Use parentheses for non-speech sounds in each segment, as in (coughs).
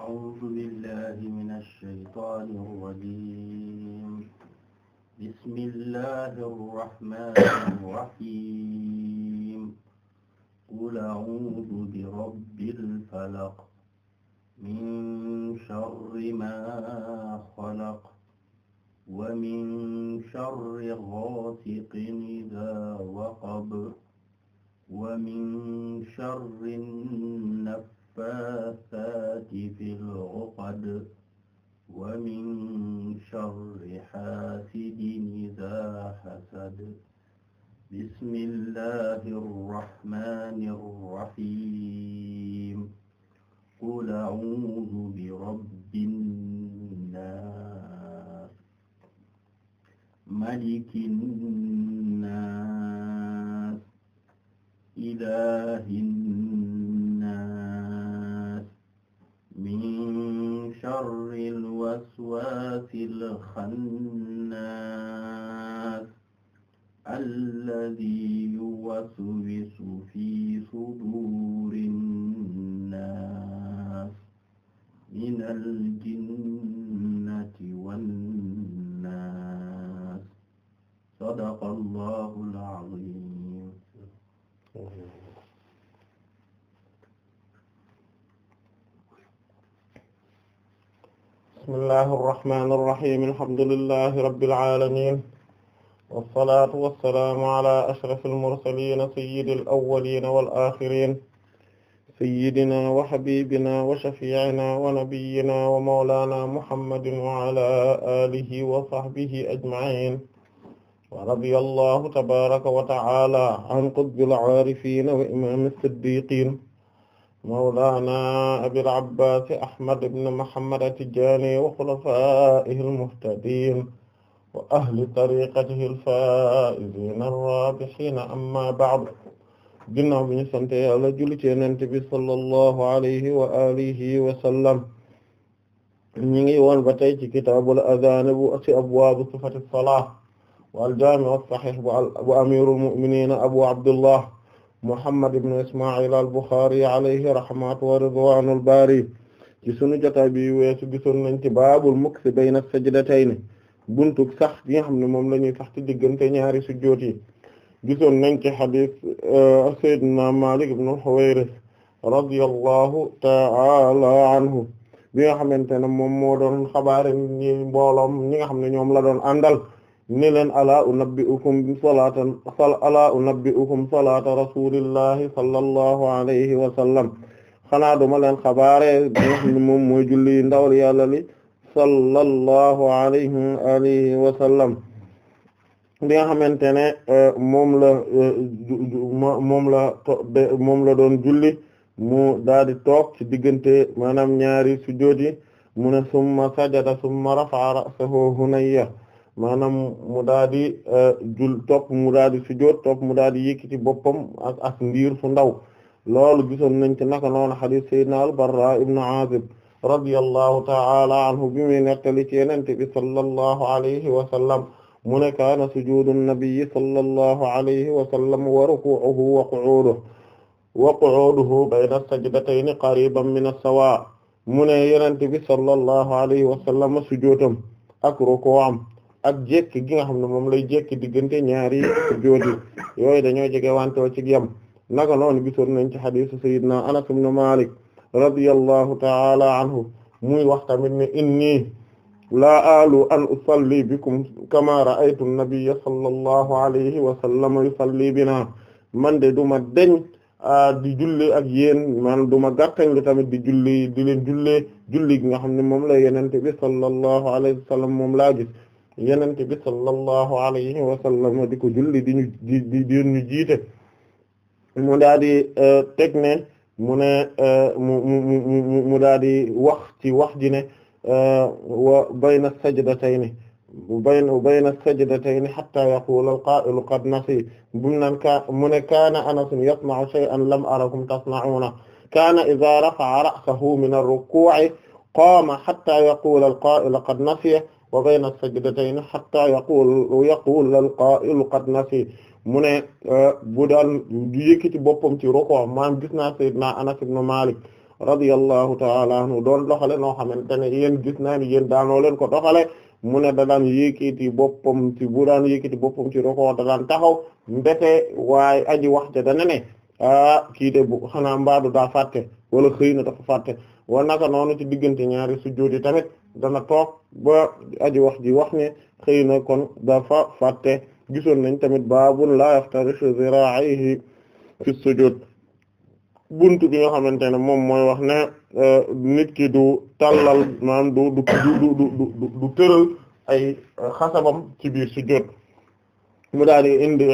أعوذ بالله من الشيطان الرجيم بسم الله الرحمن الرحيم قل أعوذ برب الفلق من شر ما خلق ومن شر غاسق إذا وقب ومن شر النفس النفاثات في العقد ومن شر حاسد إذا حسد بسم الله الرحمن الرحيم قل أعوذ برب الناس ملك الناس إله الناس شر الوسواس الخناس الذي يوسوس في صدور الناس من الجنة والناس صدق الله العظيم bismillahi irrahmani irrahim alhamdulillahi rabbil alamin wassalatu wassalaamu ala ashraf almursalin sayyidil awwalin wal akhirin sayyidina wa habibina wa shafi'ina wa nabiyyina wa mawlana muhammadin wa ala alihi wa sahbihi ajma'in wa radiyallahu tabaraka wa ta'ala an qutbil arifin wa imam as-siddiqin mawlaana abil abbaas ahmad ibn muhammad at-tijaani wa xulafaa'ihi al-muhtadiin wa ahli tariiqatihi al-faa'iziina ar-raabihiina ammaa ba'du ginnaaw bi ñu sant Yàlla julli ci Yonent bi sallallahu alayhi wa aalihi wa sallam ñu ngi woon ba tey ci kitaabul adaan bu ci abwaabu sifati salaat wal jaami' as-sahiih bu amiirul mu'miniina abu abdullah Muhammad ibn Isma'il al-Bukhari alayhi rahmatu wa ridwanul bari ci sunu jotaay bi weesu gisoon nañ ci baabul mukthi bayna sajdatayn buntu sax gi nga xam ne moom la ñuy sax ci diggante ñaari sujjóot yi gisoon nañ ci hadith euh, Seydina Malik ibn al-Huwayrith ta'ala anhu bi nga xamante ne moom moo doon xabaare ñi mbooloom ñi nga xam ne ñoom la doon àndal ni leen alaa unabbi'ukum salaatan alaa unabbi'ukum salaata rasuulillahi sallallahu alayhi wa sallam xanaa duma leen xabaare bi nga julli ndawal yàlla li sallallahu alayhi wa alihi wa sallam bi nga xamante ne euh, euh, la doon julli mu daldi toog ci diggante maanaam ñaari sujjóot yi summa sajada summa rafa'a ra'sahu hunayya maanaam mu daal di eh, jul topp mu daal di topp mu daal di yëkkati boppam ak ak ndiir fu ndaw loolu gisoon nañ ci naka noonu hadith sayyidina al-Barra ibn Azib radiyallahu ta'ala anhu bi muy nettali ci Yonent bi sallallahu alayhi wa sallam mu ne kaana sujuudu nabiyyi sallallahu alayhi wa sallam wa ruku'uhu wa qu'uduhu qariban min as-sawa' mu ne Yonent bi sallallahu alayhi wa sallam sujjóotam ak ruku'am ak jékki gi nga xam ne moom lay jékki diggante ñaari jóodi yooyu dañoo jege wantoo ci yam naka noonu gisoon nañ ci xadiisu sayyidina Anas ibn Malik radiyallahu ta'ala anhu muy wax tamit ne inni laa alu an usalli bikum kama ra'aytu an sallallahu alayhi wa sallam yusalli bina man de duma deñ di julli ak yéen maanaam duma gàttañ li tamit di julli di leen jullee julli gi nga xam ne moom la yenente bi sallallahu alayhi wa sallam laa gis yenente bi sallallahu alayhi wa sallam di ko julli di ñu di di ñu jiite mu daa di euh, teg ne mu ne euh, mu mu mu daa di wax ci wax ji ne euh, wa bayna sajdatayni bayna bayna sajdatayni hatta yaqula al-qa'ilu qad nasi bumu naan ka mu ne kaana anasun yasna'u shay'an lam arakum tasna'una kaana idha rafa'a ra'sahu min ar-ruku'i qaama hatta yaqula al-qa'ilu qad nasiya wa bayna sajdatayn hatta yaqul yaqul al qa'ilu qad nasi mu ne euh, bu daan yëkkati boppam ci ruku maam gis naa sayyidina Anas ibn Malik radiyallahu ta'ala anhu doon doxale noo xamante ne yéen gis naa ni yéen daanoo leen ko doxale mu ne da daan yëkkati boppam ci bu daan yëkkati boppam ci ruku da taxaw mbete waaye aji waxte da dana ne ah kii de bu xanaa mbaadu daa fàtte wala xëy na dafa fàtte wa naka noonu ci diggante ñaari sujjóoti tamit dana toog ba aji wax ji wax ne xëy na kon dafa fàtte gisoon nañ tamit baabun la yaftarishu zira'ihi fi sujud buntu bi nga xamante ne moom mooy wax ne e, nit ki du tàllal maam du du du du du tëral ay xasabam ci biir sujud mu daal indi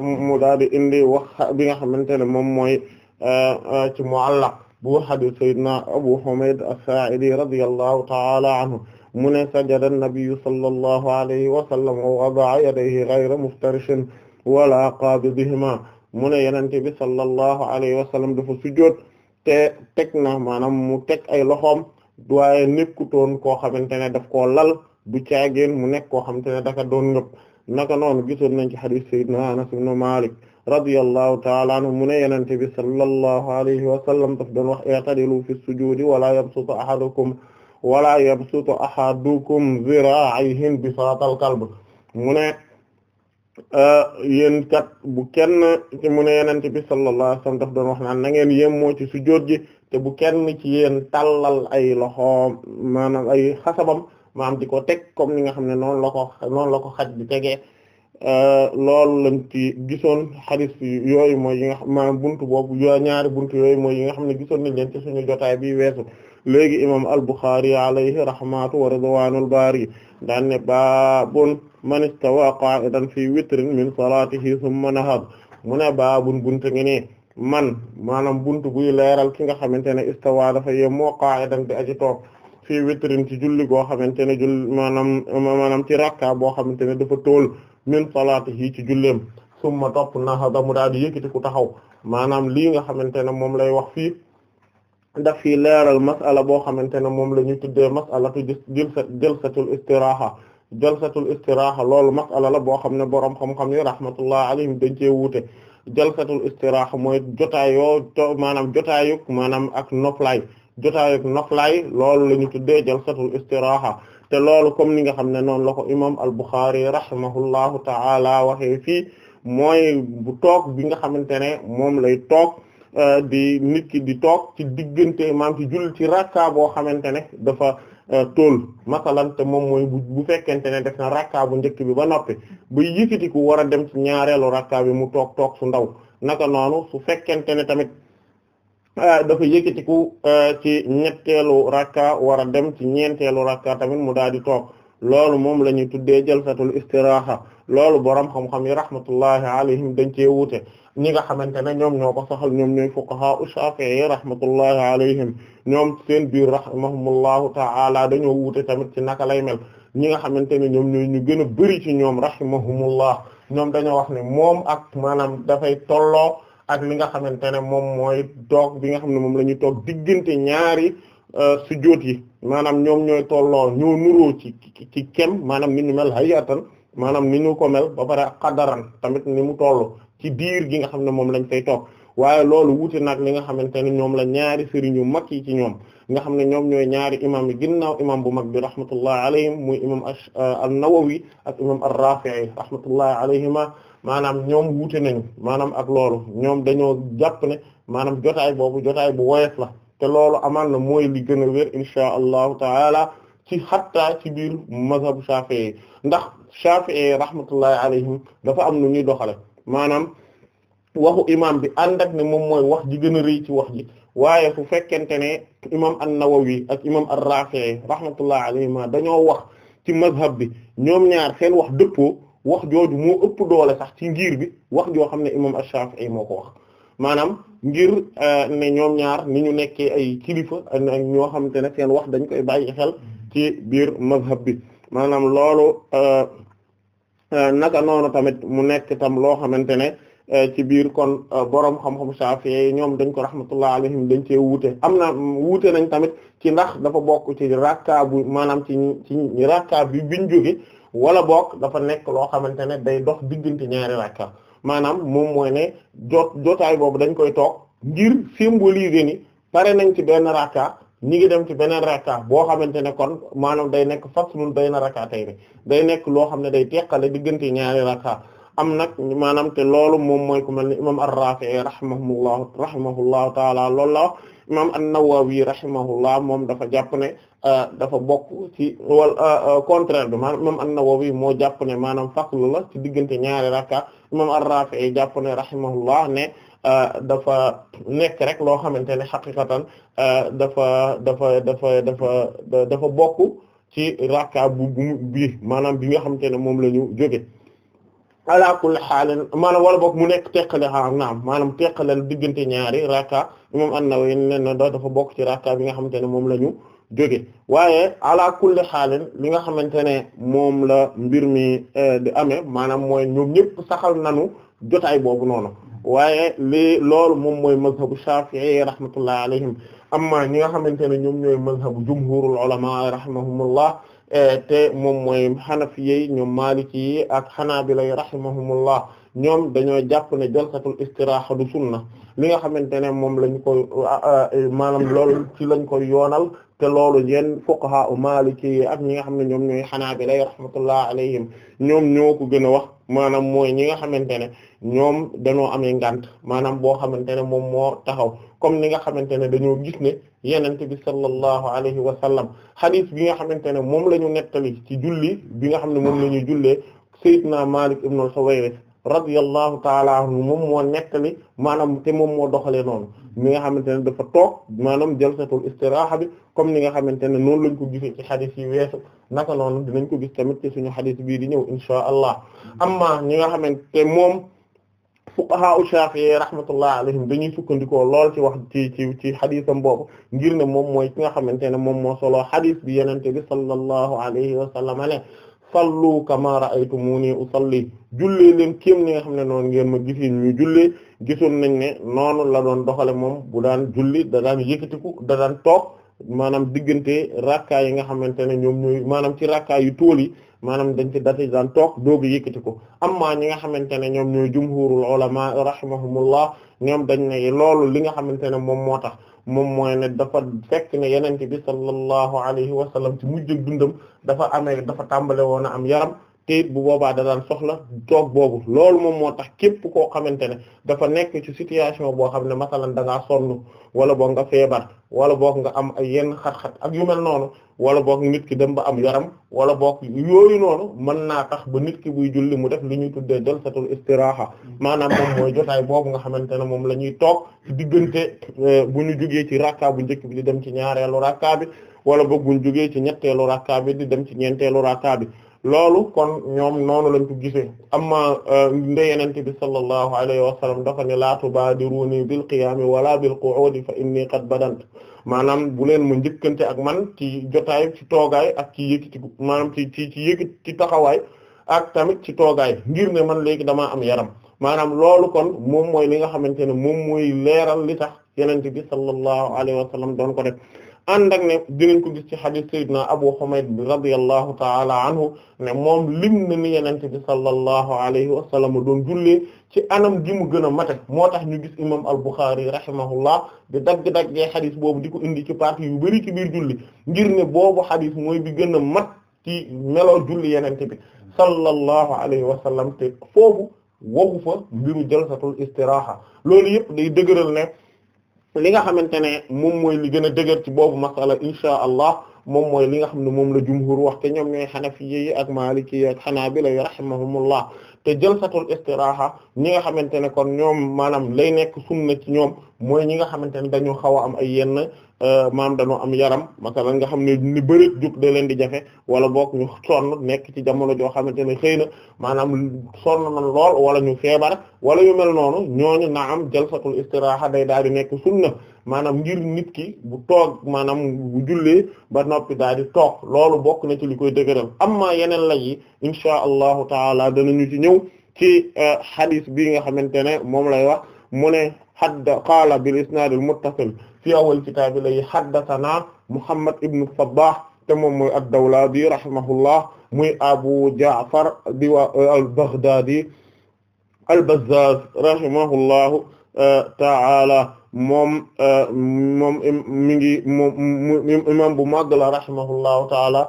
mu daal di indi wax bi nga xamante ne moom mooy e, e, ci muallaq bu hadith sayyidina Abu Humayd as-Sa'idi radiyallahu ta'ala anhu mu ne sajada an-nabiyyu sallallahu alayhi wa sallam wa wada'a yadayhi ghayra muftarishin wala qabidihima mu ne yenente bi sallallahu alayhi wa sallam dafa sujjóot te teg na maanaam mu teg ay loxom waaye nekkutoon koo xamante ne daf ko lal bu caageen mu nekk koo xamante ne dafa doon ngëp naka noonu gisoon nañ ci hadith Anas ibn Malik radiyallahu ta'ala anhu mu ne yenente bi sallallahu alayhi wa sallam daf doon wax i'tadilu fi sujudi wala yabsutu ahadukum wala yabsutu ay zira'ihi bisatal kalb mu ne euh, yéen kat bu kenn ci mu ne yenente bi sallallahu alayhi wax naan na ngeen yem moo ci sujud ji te bu kenn ci yéen tallal ay loxo maanaam ay xasabam maanaam di ko teg comme ni nga xam ne noonu la la ko xaj bi tegee Euh, loolu lañ ci gisoon xadis yooyu mooy yi nga xam maanaam buntu boobu yoo ñaari buntu yooyu mooy yi nga xam ne gisoon nañ leen ci suñu jotaay bi weesu léegi imam al-Bukhari alayhi rahmatu wa ridwanul bari daan ne baabun man istawa qa'idan fi witrin min salatihi thumma nahad mu ne baabun buntu ngi nii man maanaam buntu buy leeral ki nga xamante ne istawa dafa yemoo qa'idan di aji toog fi witrin ci julli goo xamante ne jull maanaam maanaam ci rakka boo xamante ne dafa tool min salaatihi ci julleem summa topp nahada mu daal di taxaw maanaam lii nga xamante ne moom lay wax fii ndax fii leeral masala boo xamante ne moom la ñu tuddee masalatu jalsatul istiraaha jalsatul istiraaha loolu masala la boo xam ne boroom xam-xam yi rahmatullah alayhim dañ cee wuute jalsatul istiraaha mooy jotaayoo to maanaam jotaayuk maanaam ak noflaay jotaayuk noflaay loolu la ñu tuddee jalsatul istiraaha te loolu comme ni nga xam ne noonu la ko imam al-Bukhari rahimahullahu ta'ala waxee fii mooy bu toog bi nga xamante ne moom lay toog euh, di nit ki di toog ci diggante maam ci jull ci rakka boo xamante ne dafa euh, tool masalan te moom mooy bu fekkente ne def na rakka njëkk bi ba noppi ba yëkkati ku war a dem ci ñaareelu rakka bi mu toog toog su ndaw naka noonu su fekkente ne tamit Euh, dafa yëkkatiku euh, ci ñetteelu rakka war dem ci ñeenteelu rakka tamit mu daal di toog loolu moom la ñuy tuddee jalsatul istiraaha loolu borom xam-xam yi rahmatullahi alayhim dañ cee wuute ñi nga xamante ne ñoom ñoo ko saxal ñoom ñooy fuqaha u Shafi'i rahmatullahi alayhim ñoom seen biir rahimahumullahu ta'ala dañoo wuute tamit ci naka lay mel ñi nga xamante ne ñoom ñooy ñu gën a bëri ci ñoom rahimahumullah ñoom dañoo wax ne moom ak maanaam dafay tolloo. ak li nga xamante ne moom mooy doog bi nga xam ne moom la ñuy toog diggante ñaari euh, sujjóot yi maanaam ñoom ñooy tolloo ñoo nuroo ci ci kem maanaam ni ñu mel hayatan maanaam ni ñu ko mel ba pare xadaran tamit ni mu toll ci diir gi nga xam ne moom lañ fay toog waaye loolu wuute nag li nga xamante ne ñoom la ñaari sëriñ yu mag yi ci ñoom nga xam ne ñoom ñooy ñaari imam yi ginnaaw imam bu mag bi rahmatullah alayhim muy imam euh, an-Nawawi ak imam ar-Rafi'i rahmatullah alayhima maanaam ñoom wuute nañu maanaam ak loolu ñoom dañoo jàpp ne maanaam jotaay boobu jotaay bu woyof la te loolu amaan na mooy li gën a wér insha allahu taala ci xattaa ci biir mazhabu Shafi'i ndax Shafi'i rahmatullahi alayhim dafa am nu ñuy doxale maanaam waxu imam bi ànd ak ne moom mooy wax ji gën rëy ci wax ji waaye fu fekkente ne imam an-Nawawi ak imam ar-Rafi'i rahmatullahi alayhima dañoo wax ci mazhab bi ñoom ñaar seen wax dëppoo wax jooju mu ëpp doole sax ci ngir bi wax joo xam ne imam Ash-Shafi'i ay ko wax maanaam ngir eh, ne ñoom ñaar ni ñu nekkee ay kilifa ñoo xamante ne seen wax dañ koy bàyyi xel ci biir mazhab bi maanaam loolu eh, eh, naka noonu tamit mu nekk tam loo xamante ne ci biir kon borom xam-xam Shafi'i ñoom dañ ko rahmatullah alayhim dañ cee wuute am na wuute nañ tamit ci ndax dafa bokk ci rakka bu maanaam ci ci rakka bi biñ jóge wala boog dafa nekk loo xamante ne day dox diggante ñaari rakka maanaam moom mooy ne jot jotaay boobu dañ koy toog ngir symboliser ni pare nañ ci benn rakka ñi ngi dem ci beneen rakka boo xamante ne kon maanaam day nekk faslun bayna rakkatayni day nekk loo xam ne day teqale diggante ñaari rakka am nag maanaam te loolu moom mooy ku mel ni imam ar-Rafi'i rahimahullahu rahimahullahu taala loolu la imam an-Nawawi rahimahullah moom dafa jàpp ne dafa bokk ci wala euh, euh, contraire bi maanaam imam an-Nawawi moo jàpp ne maanaam faslu la ci diggante ñaari rakka imam ar-Rafi'i jàpp ne rahimahullah ne euh, dafa nekk rek loo xamante ne xaqiqatan dafa dafa dafa dafa dafa bokk ci rakka bu bu maanaam bi nga xamante ne moom la ñu jóge ala kulli xaalin maanaam wala boog mu nekk teqale a ah, naam maanaam teqalel diggante ñaari rakka imam an-Nawawi ne na dafa bokk ci rakka bi nga xamante ne moom la ñu jóge waaye ala kulli xaalin li nga xamante ne moom la mbir mi eh, di amee maanaam mooy ñoom ñëpp saxal nanu jotaay boobu noonu waaye lii loolu moom mooy mazhabu Shafi'i rahmatullah alayhim amma ñi nga xamante ne ñoom ñooy mazhabu jumhurul ulama rahimahumullah eh, te moom mooy xanafiyey ñoom maliki yi ak xanaabila yi rahimahumullah ñoom dañoo jàpp ne jalsatul istiraaxa du sunna li nga xamante ne moom lañ koy ah, ah, maanaam lool ci lañ koy yoonal te loolu ñenn fuqaha u maliki ak ñi nga xam ne ñoom ñooy xanaa xanaabila rahmatullah alayhim ñoom ñoo ko gën a wax maanaam mooy ñi nga xamante ne ñoom dañoo amee ngànt maanaam boo xamante ne moom moo taxaw comme ni nga xamante ne dañoo gis ne yenent bi sallallahu alayhi wa sallam hadith bi nga xamante ne moom la ñu nettali ci julli bi nga xam ne moom la ñuy jullee Sayyidna Malik ibn al-Huwayrith radiyallahu taala anhu moom moo nettali maanaam te moom moo doxalee noonu mi nga xamante ne dafa toog maanaam jalsatul istiraaha bi comme ni nga xamante ne noonu lañ ko gisee ci xadis yi weesu naka noonu di dinañ ko gis tamit ci suñu xadis bii di ñëw insha allah amma ñi nga xamante moom fuqaha u Shafi'i rahmatullah alayhim dañuy sukkandikoo lool ci wax ci ci ci xadisam boobu ngir ne moom mooy ki nga xamante ne moom moo solo xadis bi yenente bi sallallahu alayhi wa sallam sallu kama ra'aytumuni usalli jullee leen kéem ni nga xam ne noonu ngeen ma gis ñu jullee gisoon nañ ne noonu la doon doxale moom bu daan julli da daan yëkkatiku da daan toog maanaam diggante rakkaa yi nga xamante ne ñoom ñooy maanaam ci rakkaa yu tool yi maanaam dañ ci dati daan toog doogu yëkkati ko amma ñi nga xamante ne ñoom ñooy jumhurul ulama rahimahumullah ñoom dañ ne loolu li nga xamante ne moom moo tax moom mooy ne dafa fekk ne yenente bi sallallahu alayhi wa sallam ci mujjëg dundam dafa amee dafa tàmbale woon a am yaram te bu boobaa da daan soxla toog boobu loolu moom moo tax képp koo xamante ne dafa nekk ci situation boo xam ne masalan da ngaa sonn wala boog nga feebar wala boog nga am ay yenn ak yu mel noonu wala boog nit ki dem ba am yaram wala boog yooyu noonu mën naa tax ba nit ki buy julli mu def li ñuy tuddee jalsatul istiraaha maanaam moom jotaay boobu nga xamante ne moom la ñuy toog ci diggante euh, bu ñu jugee ci rakka bu njëkk bi di dem ci ñaareelu rakka bi wala boog bu jugee ci ñetteelu rakka di dem ci ñeenteelu rakka bi. loolu kon ñoom noonu lañ ko gisee amma euh, ndeyenante bi sallallahu alayhi wa sallam dafa ne la tubadiruni bil qiyaami wala bil qu'udi fa inni qad badant maanaam bu leen mu njëkkante ak man ci jotaay ci toogaay ak ci yëkkati ci ci ci ci taxawaay ak tamit ci toogaay ngir ne man léegi damaa am yaram maanaam loolu kon moom mooy li nga xamante ne moom mooy leeral li tax yenente bi sallallahu alayhi wa sallam doon ko def ànd ak ne dinañ ko gis ci xadis sayyidina Abu Humayd bi radiyallahu taala anhu ne moom lim na ni yenente bi sallallahu alayhi wa sallam doon jullee ci anam gi mu gën a mate moo tax ñu gis imam al-Bukhari rahimahullah di dagg-daggee xadis boobu di ko indi ci partie yu bari ci biir julli ngir ne boobu xadis mooy bi gën a mat ci meloo julli yenente bi sallallahu alayhi wa sallam te foofu waxu fa mbiru jalsatul istiraaha loolu yëpp day dëgëral ne li nga xamante ne moom mooy li gën a dëgër ci boobu masala insha allah moom mooy li nga xam ne moom la jumhur wax te ñoom ñooy xanafiye yi ak maliki yi ak xanaabila yi rahimahumullah te jalsatul istiraaha ñi nga xamante ne kon ñoom maanaam lay nekk sunna ci ñoom mooy ñi nga xamante ne dañu xaw a am ay yenn euh, maam dañoo am yaram masalan nga xam ne ni bëri jug da leen di jafe wala boog ñu sonn nekk ci jamono joo xamante ne xëy na maanaam sonn na lool wala ñu feebar wala yu mel noonu ñooñu na am jalsatul istiraaxa day daal di nekk sunna maanaam ngir nit ki bu toog maanaam bu jullee ba noppi daal di toog loolu bokk na ci li koy dëgëral amma yeneen la yi insha allahu taala danañu ci ñëw ci hadith euh, bi nga xamante ne moom lay wax mu ne hadda qaala bil isnaadil muttasil fi awwal kitaabi lay haddasanaa Muhammad ibn Sabbah te moom mooy ad-Dawlaabi rahimahullah muy Abu Ja'far di waa al-Baghdaadi al-Bazzaaz rahimahullahu ta'aala moom moom mi ngi moom imaam bu mag la rahimahullahu ta'aala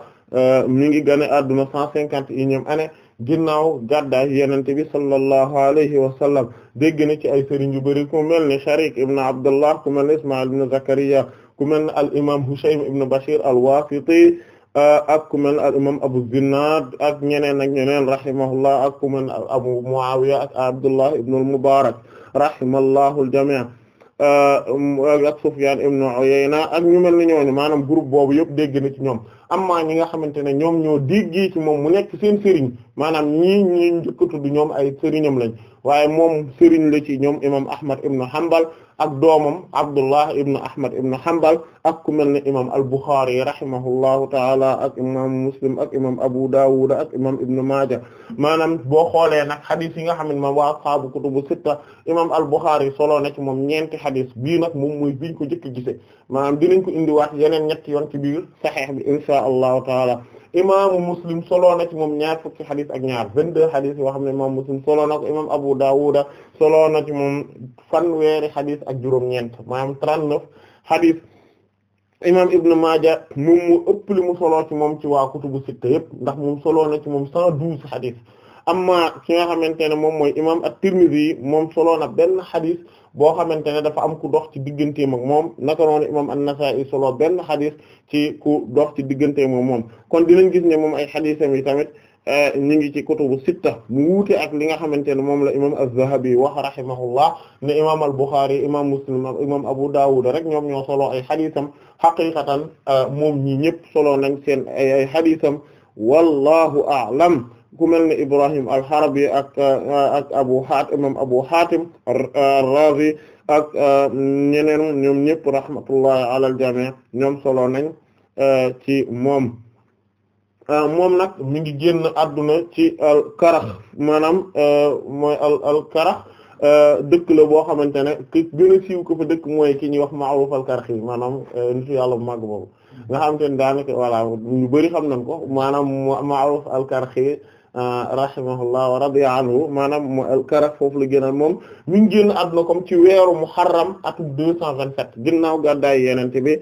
mi ngi gane adduna cent cinquante et unième année ginnaaw gàddaay yenente bi sallallahu alayhi wa sallam dégg na ci ay sëriñ yu bari ku mel ni Sharik ibn Abdullah ku mel ni Ismail ibn Zakariya ku mel ni al imam Hushaym ibn Bashir al-Wasiti euh, ak ku mel ni al imam Abu Zinad ak ñeneen ak ñeneen rahimahullah ak ku mel ni Abu Muawiya ak Abdullah ibn al-Mubarak rahimallahu al-jami' Euh, ak Sufyan ibn Uyayna ak ñu mel ni ñooñu maanaam groupe boobu yëpp dégg na ci ñoom amma ñi nga xamante ne ñoom ñoo déggee ci moom mu nekk seen sëriñ maanaam ñii ñi njëkk a ñoom ay sëriñam lañ waaye moom sëriñ la ci ñoom imam Ahmad ibn Hanbal ak doomam Abdullah ibn Ahmad ibn Hanbal ak ku mel ne imam al-Bukhari rahimahullahu taala ak imam Muslim ak imam Abu Dawud ak imam Ibn Maaja maanaam boo xoolee nag xadis yi nga xam ne moom waa ashaabu kutubu sitta imam al-Bukhari soloo na ci moom ñeenti xadis bii nag moom mooy biñ ko jëkk gise maanaam dinañ ko indiwaat yeneen ñetti yoon ci biir saxiix bi insha allahu taala imaamu muslim solo na ci moom ñaar fukki xadis ak ñaar vingt-deux yoo xam ne imaamu muslim solo na ko imam Abu Dawuda solo na ci moom fanweeri xadis ak juróom-ñeent maanaam trente-neuf xadis imam Ibn Maaja moom mu ëpp li mu solo ci moom ci waa kutubu sitta yëpp ndax moom solo na ci moom cent douze xadis amma ki nga xamante ne moom mooy imam at-Tirmidhi moom solo na benn xadis. boo xamante ne dafa am ku dox ci digganteem ak moom naka noonu imam an-Nasa'i solo benn xadis ci ku dox ci digganteem ak moom kon dinañ gis ne moom ay xadisam yi tamit eh, ñu ngi ci kutubu sitta mu wuute ak li nga xamante ne moom la imam az-Zahabi wax rahimahullah ne imam al-Bukhari imam Muslim imam Abu Dawud rek ñoom ñoo solo ay xadisam xaqiqatan eh, moom ñi ñëpp solo nañ seen ay ay xadisam wallahu a'lam ku mel ni Ibrahim al-Harabi ak uh, ak Abu Hatim imam Abu Hatim ar-Razi ak uh, ñeneen ñoom ñëpp rahmatullahi alal al ñoom solo nañ uh, ci moom moom nag mi ngi génn adduna ci al-Karax maanaam mooy al al-Karax dëkk la boo xamante ne ki gën a siiw ko fa dëkk mooy ki ñuy wax Ma'ruf al-Karaxi maanaam nitu yàlla bu màgg boobu nga xamante ne daanaka voilà ñu bëri xam nañ ko maanaam Ma'ruf al-Karaxi rahimahullah wa radiya anhu maanaam mu al-Karaf foofu la gënal moom mi ngi génn àdduna comme ci weeru Muharram atum deux cent vingt-sept ginnaaw gàddaay Yonent bi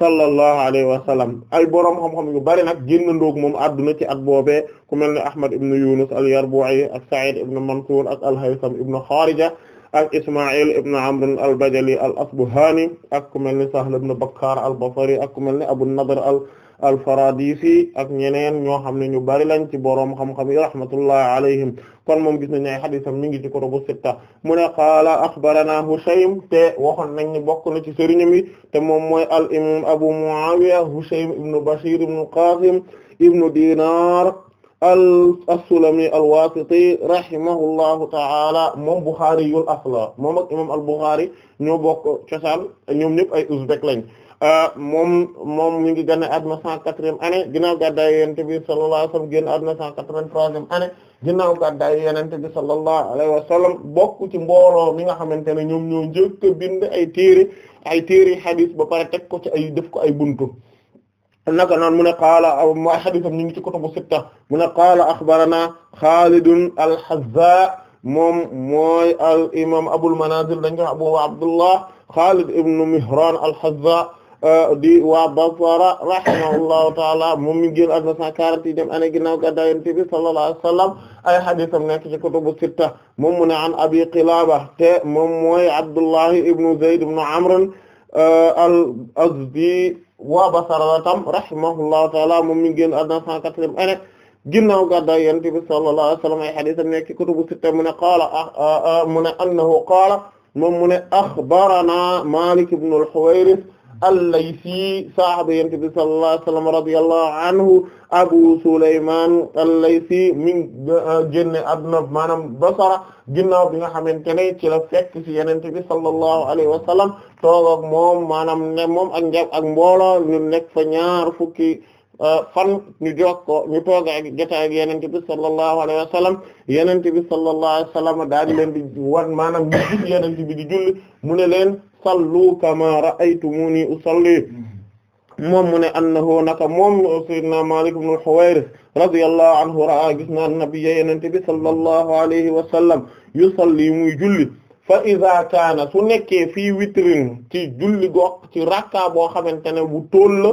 sallallahu alayhi wa sallam ay boroom xam-xam yu bari nag génnandoog moom àdduna ci at boobee ku mel ne Ahmad ibn Yunus al-Yarbu'i ak Sa'id ibn Mansur ak al-Haytham ibn Kharija ak Isma'il ibn Amr al-Bajali al-Asbahani ak ku mel ne Sahl ibn Bakkar al-Basri ak ku mel ni Abu Nadr al al-Faradisi ak ñeneen ñoo xam ne ñu bari lañ ci boroom xam-xam yi rahmatullahi alayhim kon moom gis nañ ay xadisam mi ngi ci kutubu sitta mu ne qaala axbarana Hushaym te waxoon nañ ni bokk na ci sëriñam yi te moom mooy al imam Abu Muawiya Hushaym ibnu Bashir ibnu Qasim ibnu Dinar al sulami al-Wasiti rahimahullahu ta'ala moom Bukhari yul asla moom al-Bukhari ñoo bokk cosaan ñoom ñëpp ay uzbek lañ Euh, moom moom mi ngi génn àdduna cent quatrième année ginnaaw gàddaay yonent bi sallallahu alayhi wa sallam génn àdduna cent quatre-vingt-troisième année ginnaaw gàddaay yonent bi sallallahu alayhi wa sallam bokk ci mbooloo mi nga xamante ne ñoom ñoo njëkk a bind ay téere ay téere xadis ba pare teg ko ci ay def ko ay buntu naka noon mu ne qaala ma xadisam ñu ngi ci kutubu sitta mu ne qaala axbarana xaalidun al-Hazza moom mooy al imam Abul Manazil dañ ko Abu Abdullah Xaalid ibn Mihran al-Hazza Euh, di waa Basra rahimahullahu taala moom mi génn àdduna 140 yi dem année ginnaaw gàddaay Yonent bi sallallahu alayhi wa sallam ay hadiisam nekk ci kutubu sitta moom mu ne an Abi Qilaaba te moom mooy Abdullahi ibnu Zayd ibnu Amr euh, al-Azdi waa Basra tam rahimahullahu taala moom mi génn àdduna 180 année ginnaaw gàddaay Yonent bi sallallahu alayhi wa sallam ay hadiisam nekk ci kutubu sitta mu ne qaala ah, ah, ah, mu ne annahu mu ne axbaranaa Maalik ibnu al-Huwayrith al si saahaba Yonent bi sallallahu alayhi wa sallam radiyallahu anhu Abu Sulaymaan al-Laysi mi euh, génn àdduna maanaam Basra ginnaaw bi nga xamante ne ci la fekk ci Yonent bi sallallahu alayhi wa sallam toog ak moom maanaam ne moom ak njab ak mbooloo ñu nekk fa ñaar fukki euh, fan ñu jokko ñu toog ak jotaay ak Yonent bi sallallahu alayhi wa sallam Yonent bi sallallahu alayhi wa daal di leen di wan maanaam ñu gis Yonent julli mu leen sallu kama ra'aytumuni usalli moom mu ne annahu naka moom sayyidina Maalik ibn al-Huwayris radiyallahu anhu raa gis naa nabiyya yenente bi sallallahu alayhi wa sallam yusalli muy julli fa iza kaana su nekkee fii witrin ci julli goo ci rakka boo xamante ne bu tool la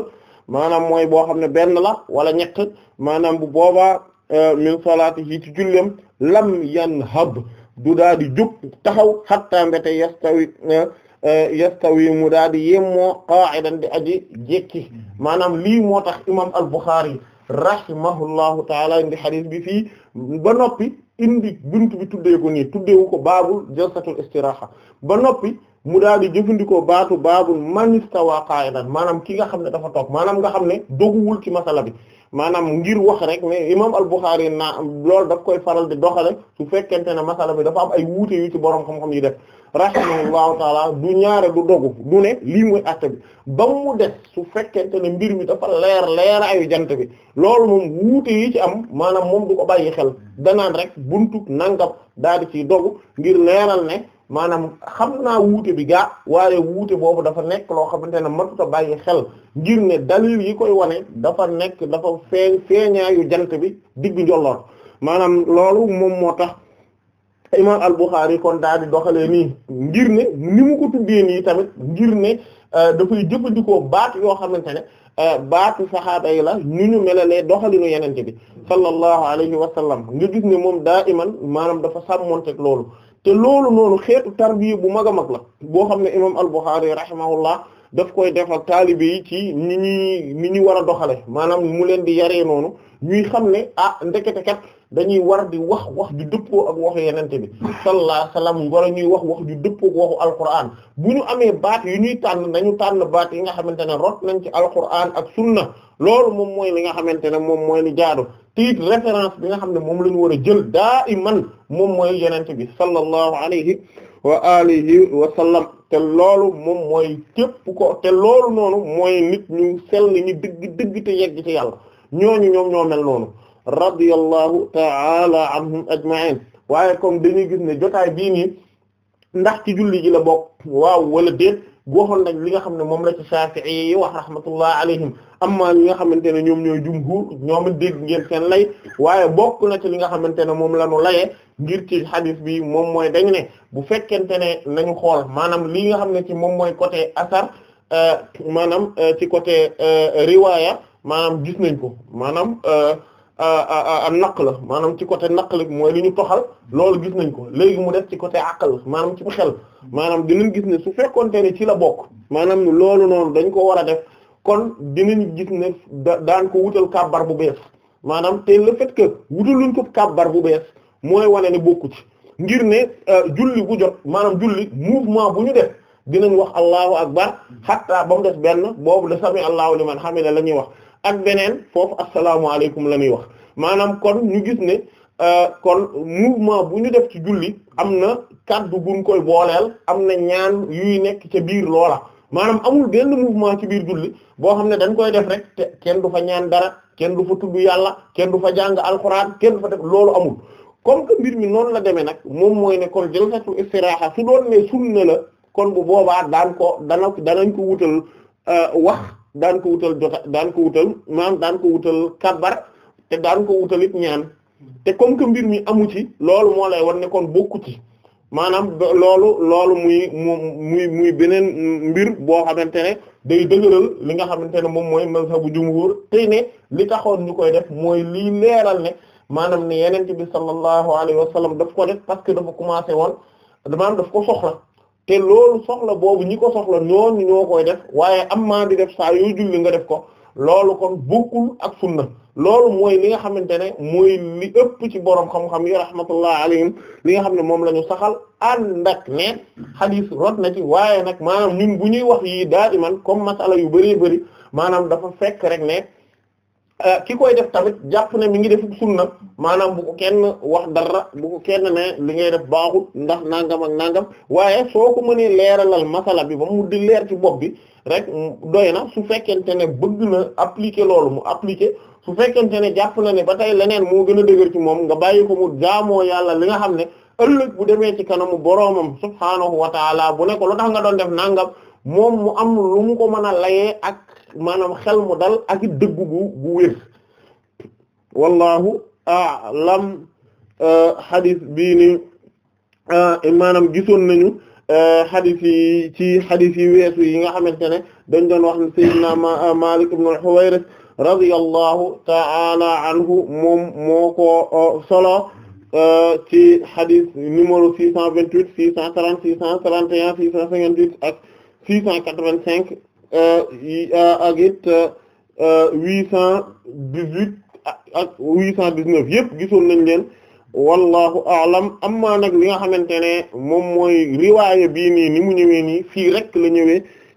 maanaam mooy boo xam ne benn la wala ñett maanaam bu boobaa euh, min salaatihi ci jullem lam yanhab du daa di jug taxaw hatta mbete yastawi euh, E, yastawi mu daa di yemmoo qa'idan di aji jekki maanaam lii moo tax imam al-Bukhari rahimahullahu taala indi hadith bi fii ba noppi indi buntu bi tuddee ko nii tuddeewu ko baabul jalsatul istiraha ba noppi mu daal di jëfandikoo baatu baabul man istawa qa'idan maanaam ki nga xam ne dafa toog maanaam nga xam ne doguwul ci masala bi maanaam ngir wax rek ne imam al-Bukhari naa loolu daf koy faral di doxale su fekkente ne masala bi dafa am ay wuute yu ci borom xam-xam yi rahimahullahu taala du ñaare du dogu du ne lii mooy àtte bi ba mu des su fekkente ne mbir mi dafa leer leer ayu jant bi loolu moom wuute yi ci am maanaam moom du ko bàyyi xel danaan rek buntu nangam daal di ciy dogu ngir leeral ne maanaam xam naa wuute bi gaa waaye wuute boobu dafa nekk loo xamante ne matuta bàyyi xel ngir ne dalil yi koy wane dafa nekk dafa feeñ feeñaayu jant bi digg njolloor maanaam loolu moom moo tax imam al-Bukhari kon daal di doxalee nii ngir ne ni mu ko tuddee nii tamit ngir ne euh, dafay jëfandikoo baat yoo xamante ne euh, baatu saxaaba yi la ñu ñu melalee doxalinu yenente bi sallallahu alayhi wa sallam nga gis ne moom daa iman maanaam dafa sàmmonteeg loolu te loolu noonu xeetu tarbiya bu mag a mag la boo xam ne imam al-Bukhari rahimahullah daf koy def ak taalibe yi ci ni ñuy ni ñuy war a doxale maanaam mu leen di yaree noonu ñuy xam ne ah ndekete kat dañuy war di wax wax ju dëppoo ak waxu yenente bi sallallahu alayhi wasallam wala ñuy wax wax ju dëppoo ak waxu alquran bu ñu amee baat yu ñuy tànn nañu tànn baat yi nga xamante ne rot nañ ci alquran ak sunna loolu moom mooy li nga xamante ne moom mooy li jaadu tiit référence bi nga xam ne moom la ñu war a jël daa iman moom mooy yenente bi sallallahu alayhi wa alihi wa sallam te loolu moom mooy képp ko te loolu noonu mooy nit ñu sell ñu dëgg dëgg te yegg ci yàlla ñooñu ñoom ñoo mel radiyallahu ta'ala anhum ajma'in waaye comme dañuy gis ne jotaay bii nii ndax ci julli ji la bokk waaw wala déet waxoon nañ li nga xam ne moom la ci Shafi'i yi wax rahmatullah alayhim amma li nga xamante ne ñoom ñooy jumhur ñoom it dégg ngeen seen lay waaye bokk na ci li nga xamante ne moom la ñu layee ngir ci hadith bi moom mooy dañ ne bu fekkente ne nañu xool maanaam li nga xam ne ci moom mooy côté asar euh, maanaam euh, ci côté euh, riwaya maanaam gis nañ ko maanaam naql maanaam ci côté naql mooy lu ñu toxal loolu gis nañ ko léegi mu def ci côté aql maanaam ci xel maanaam dinañ gis ne su fekkonte ne ci la bokk maanaam loolu noonu dañ ko war a def kon dinañ gis ne da daan ko wutal kàbbar bu bees maanaam te le fait que wutaluñ ko kàbbar bu bees mooy wane ne bokku ci ngir ne euh, julli bu jot maanaam julli mouvement bu ñu def dinañ wax allahu akbar xatta ba mu des benn boobu la sami allahu liman hamida la ñuy wax ak beneen foofu asalaamaaleykum la ñuy wax maanaam kon ñu gis ne euh, kon mouvement bu ñu def ci julli am na kaddu buñ koy booleel am na ñaan yuy nekk ca biir loola maanaam amul benn mouvement ci biir julli boo xam ne dañ koy def rek te kenn du fa ñaan dara kenn du fa tudd yàlla kenn du fa jàng alxuraan kenn du fa def loolu amul comme que mbir mi noonu la demee nag moom mooy ne kon jalsatu istiraaxa su doon ne sunna la kon bu boobaa daan ko dana danañ ko wutal euh, daan ko wutal jota daan ko wutal maanaam daan ko wutal kabar te daan ko wutal it ñaan te kom que mbir mi amu ci loolu moo lay war ne kon bokku ci maanaam loolu loolu muy muy muy beneen mbir boo xamante ne day dëgëral li nga xamante ne moom mooy mazhabu jumhur tey ne li taxoon ñu koy def mooy lii leeral ne maanaam ne yeneen bi sallallahu alayhi wa sallam daf ko def parce que dafa commencé woon maanaam daf ko soxla. te loolu soxla boobu ñi ko soxla ñooñu ñoo koy def waaye am maa di def saa yoo julli nga def ko loolu kon bokkul ak sunna loolu mooy li nga xamante ne mooy li ëpp ci borom xam-xam yi rahmatullah alayhim li nga xam ne moom la ñu saxal ànd ak ne xadis rot na ci waaye nag maanaam ñun bu ñuy wax yi daa iman comme masala yu bëree bëri maanaam dafa fekk rek ne Euh, ki koy def tamit jàpp ne mi ngi def sunna maanaam bu ko kenn wax dara bu ko kenn ne li ngay def baaxul ndax nangam ak nangam waaye soo ko mënee leeralal masala bi ba mu di leer ci bopp bi rek doy na su fekkente ne bëgg na appliquer loolu mu appliquer su fekkente ne jàpp na ne ba tey leneen moo gën a dëgër ci moom nga bàyyi ko mu jaamoo yàlla li nga xam ne ëllëg bu demee ci kanamu boroomam subhaanahu wa taala bu ne ko lu tax nga doon def nangam moom mu am lu mu ko mën a layee ak maanaam xel mu dal ak it dëggu gu gu wér wallahu a'lam xadis euh, bii ni euh, maanaam gisoon nañu xadis euh, yi ci xadis yi weesu yi nga xamante ne dañ doon wax ne sayyidina Malik ibn al-Huwayrith radiyallahu ta'ala anhu moom moo ko solo ci xadis numéro 628 630 631 658 ak 685 Euh, ak it euh, huit cent dix gisoon nañ leen wallahu amma nag li nga xamante ne moom riwaaya bii ni mu ñëwee nii fii rek la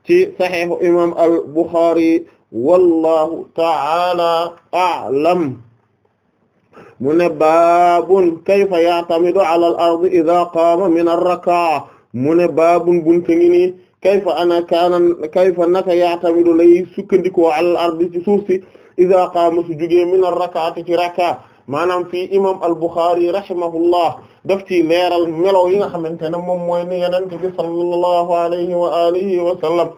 ci saxiixu imam al Buxaari wallahu taala aalam mu baabun kayfa ya'tamidu ala al qaama min ar-rak'a mu baabun bunte kayfa ana kaana kayfa naka yaatamidu lay sukkandikoo al ardi ci suuf si iza qaama su jugee min ar rakaati ci raka maanaam fii imam al Bukhari rahimahullah daf ci leeral melow yi nga xamante ne moom mooy ni yeneen bi sallallahu alayhi wa alihi wa sallam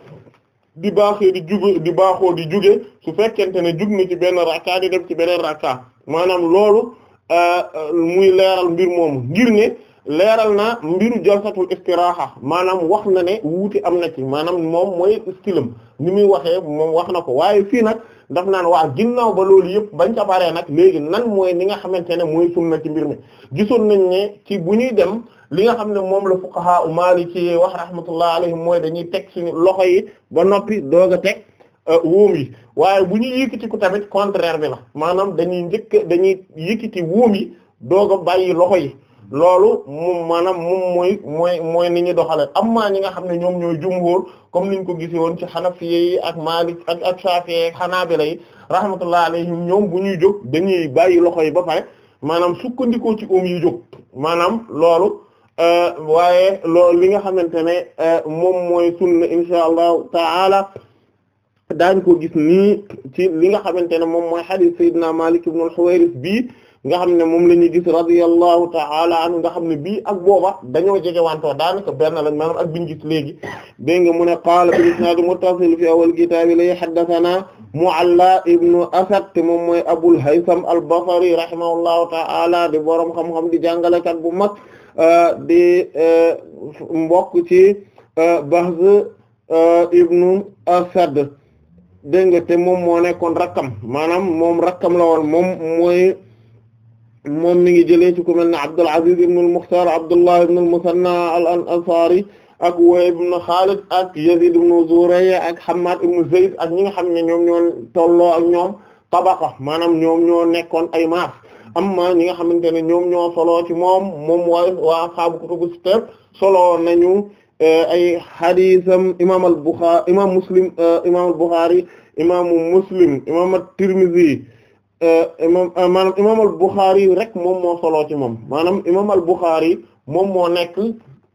di baaxee di juge di baaxoo di juge su fekkente ne jug na ci benn rakka di dem ci beneen rakka maanaam loolu muy leeral mbir moomu ngir ne leeral na mbiru jalsatul istiraaxa maanaam wax na ne wuti am na ci maanaam moom mooy stylam ni muy waxee moom wax na ko waaye fii nag daf naan waa ginnaaw ba loolu yëpp ba ca baree nag léegi nan mooy ni nga xamante ne mooy sunna ci mbir mi gisoon nañ ne ci bu ñuy dem li nga xam ne moom la fuqaha u ci wax rahmatullah alayhim mooy dañuy teg suñu loxo yi ba noppi doog a teg euh, yi waaye bu ñuy yëkkati ko tamit contraire bi la maanaam dañuy njëkk dañuy yëkkati wóom yi doog a bàyyi loxo yi loolu moom maanaam moom mooy mooy mooy ni ñu doxale amma ñi nga xam ne ñoom ñooy jumhur comme niñ ko gisee woon ci Hanafiyyi ak Maalik ak ak Shafi'i ak Hanaabila yi rahmatullahi alayhim ñoom bu ñuy jóg dañuy bàyyi loxo yi ba pare maanaam sukkandikoo ci oom yi jóg maanaam loolu euh, waaye loolu li nga xamante ne euh, moom mooy sunna insha allahu taala daañ ko gis nii ci li nga xamante ne moom mooy hadith Sayyidina Malik ibn al-Huwayrith bii nga xam ne moom la ñuy gis radiyallahu ta'ala anhu nga xam ne bii ak booba dañoo jege wantoo daanaka benn lañ maanaam ak biñu gis léegi dégg nga mu ne qaala bil isnaad muttasil fi awal kitaab la haddathana Mu'alla ibnu Asad te moom mooy Abul Haytham al-Basri rahimahullahu ta'ala di borom xam-xam di jàngalekat bu mag uh, di uh, mbokk ci uh, Bahz ibnu Asad dégg nga te moom moo nekkoon rakkam maanaam moom rakkam la woon moom mooy moom mi ngi jëlee ci ku mel ne Abdul Aziz ibn al-Mukhtar Abdullah ibn al-Musanna al-Ansari ak Wahb ibn Khalid ak Yazid ibn Zuray ak Hammad ibn Zayd ak ñi nga xam ne ñoom ñoo tolloo ak ñoom tabaqa maanaam ñoom ñoo nekkoon ay maas amma ñi nga xamante ne ñoom ñoo solo ci moom moom waa waa xaabu kutubu sitta solo nañu eh, ay hadisam imaam al-Bukhari imaam Muslim eh, imaam al-Bukhari imaamu Muslim imaam at-Tirmidhi Euh, imam euh, maanaam imam al-Bukhari rek moom moo soloo ci moom maanaam imam al-Bukhari moom moo nekk